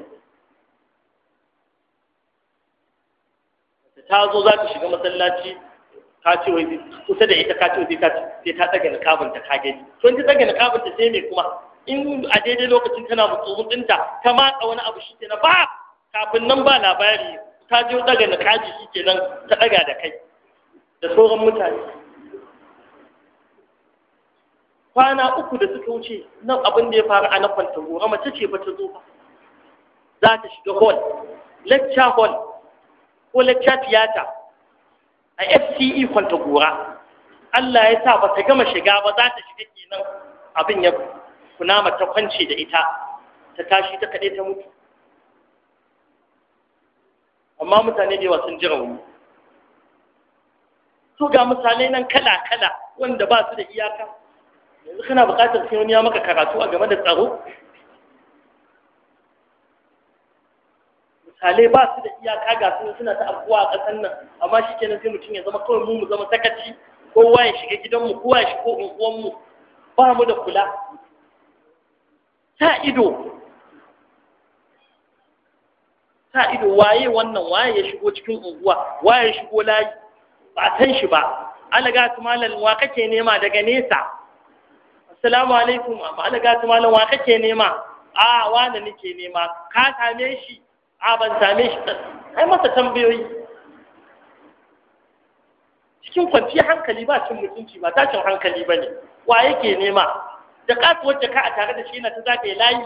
[SPEAKER 1] ta zo za ta shiga masallaci ka ce wai kusa da ita ka ce wai ta sai ta tsaga niqabin ta ka gani to in ta tsaga niqabin ta sai me kuma in a daidai lokacin tana mutsubun dinta ta matsa wani abu shi na ba kafin nan ba labari ta je daga na kaji shi ke nan ta daga da kai da sauran mutane kwana uku da suka wuce nan abin da ya faru a na kwanta gora mace ce ba ta zo ba za ta shiga hall lecture hall ko lecture theater a fce kwanta gora Allah ya sa ba ta gama shiga ba za ta shiga kenan abin ya kunama ta kwance da ita ta tashi ta kaɗai ta mutu amma mutane da yawa sun ji rauni to ga misalai nan kala kala wanda ba su da iyaka yanzu kana buƙatar sai wani ya maka karatu a game da tsaro misalai ba su da iyaka ga su suna ta abuwa a ƙasar nan amma shi kenan sai mutum ya zama kawai mu mu zama sakaci kowa ya shiga gidanmu kowa ya shigo unguwanmu ba mu da kula Ta ido sa ido waye wannan waye ya shigo cikin unguwa waye ya shigo layi ba san shi ba alaga malam wa kake nema daga nesa assalamu alaikum alaga malam wa kake nema a wani nake nema ka same shi a ban same shi ai masa tambayoyi cikin kwanciyar hankali ba cin mutunci ba tashin hankali ba ne wa yake nema da kasuwar da ka a tare da shi na ta zagaye layi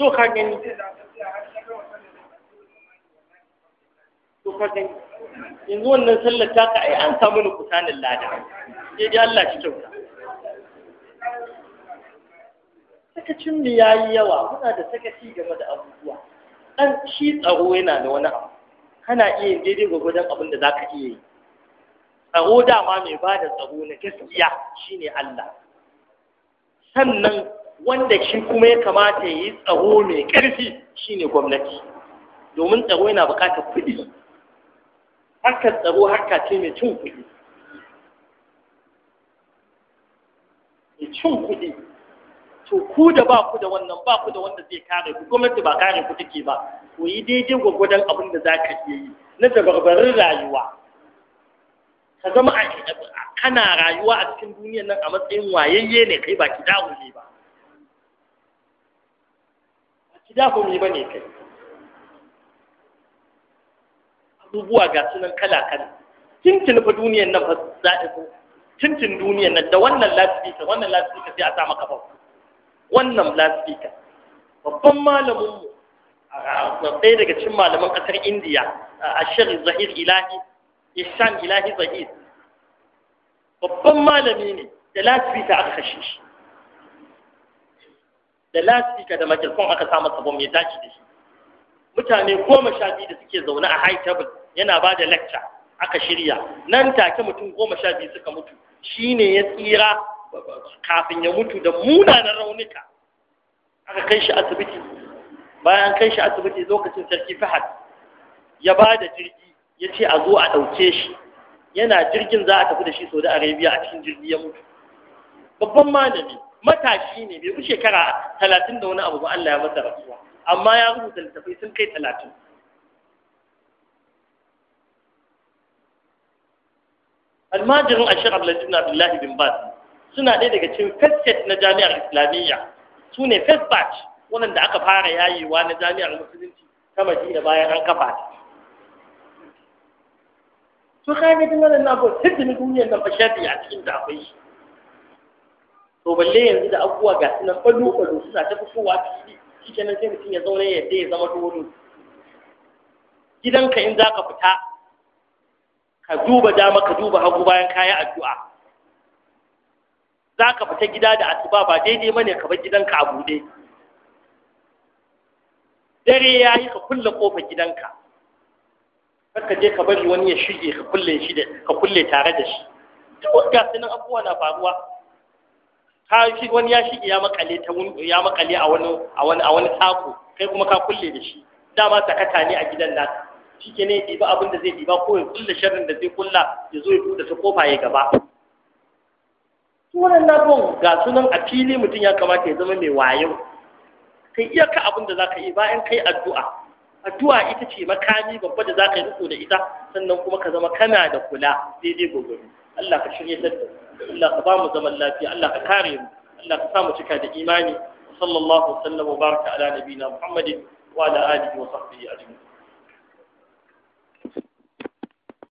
[SPEAKER 1] to ka gani yanzu wannan sallar ta ka ai an samu nukusanin lada sai dai Allah shi kyauta sakacin da ya yi yawa muna da sakaci game da abubuwa ɗan shi tsaro yana da wani abu kana iya yin daidai gwagwajen abin da za ka iya yi tsaro dama mai ba da tsaro na gaskiya shine Allah sannan wanda shi kuma ya kamata ya yi tsaro mai ƙarfi shine gwamnati domin tsaro yana buƙatar kuɗi harkar tsaro harka ce mai cin kuɗi mai cin kuɗi to ku da ba ku da wannan ba ku da wanda zai kare ku gwamnati ba kare ku take ba ku yi daidai gwagwadon abin da za ka iya yi na dabarbarin rayuwa ka zama kana rayuwa a cikin duniyar nan a matsayin wayayye ne kai ba ki dawo ne ba ki dafa mai bane kai abubuwa ga sunan kala kala tintin fa duniyar nan fa zaɗi ko tintin duniyar nan da wannan lasfika wannan lasfika sai a sa maka babu wannan lasfika babban malamin mu ɗaya daga cikin malaman ƙasar indiya a shirin zahir ilahi ishan ilahi zahir babban malami ne da lasfika aka kashe shi da lasika da makilfon aka samu sabon mai ya da shi mutane goma sha biyu da suke zaune a high table yana ba da lecture aka shirya nan take mutum goma sha biyu suka mutu shine ya tsira kafin ya mutu da munanan raunuka aka kai shi asibiti bayan kai shi asibiti lokacin sarki fahad ya ba da jirgi ya ce a zo a ɗauke shi yana jirgin za a tafi da shi saudi arabia a cikin jirgi ya mutu babban malami matashi ne bai fi shekara talatin da wani abu ba Allah ya masa rasuwa amma ya rubuta littafai sun kai talatin almajirin ashir abdullahi abdullahi bin Bas suna ɗaya daga cikin first na jami'ar islamiyya su ne first batch wanda aka fara yayewa na jami'ar musulunci ta madina bayan an kafa ta to kayan gajin waɗannan na sai da duniyar nan fashe a cikin da akwai shi to balle yanzu da abubuwa ga sunan fado fado suna ta fitowa fili shi kenan sai mutum ya zauna yadda ya zama dole gidanka in za ka fita
[SPEAKER 3] ka duba dama ka duba
[SPEAKER 1] hagu bayan kayi addu'a za ka fita gida da asuba ba daidai ba ne ka bar gidanka a buɗe dare ya yi ka kulle kofar gidanka kar ka je ka bari wani ya shige ka kulle shi da ka kulle tare da shi duk wasu gasunan abubuwa na faruwa ka wani ya shi ya makale ta ya makale a wani a wani a wani sako kai kuma ka kulle da shi dama sakata ne a gidan nan shike ne diba abin da zai diba ko ya kulle sharrin da zai kulla ya zo ya buɗe ta kofa ya gaba sunan nabon ga sunan a fili mutum ya kamata ya zama mai wayo kai ka abin da zaka yi bayan kai addu'a addu'a ita ce makami babba da zaka yi riko da ita sannan kuma ka zama kana da kula daidai gobe Allah ka shirye da Allah ka ba mu zaman lafiya Allah ka kare mu Allah ka sa mu cika da imani sallallahu alaihi wa sallam wa baraka ala nabiyina Muhammadin wa ala alihi wa sahbihi ajma'in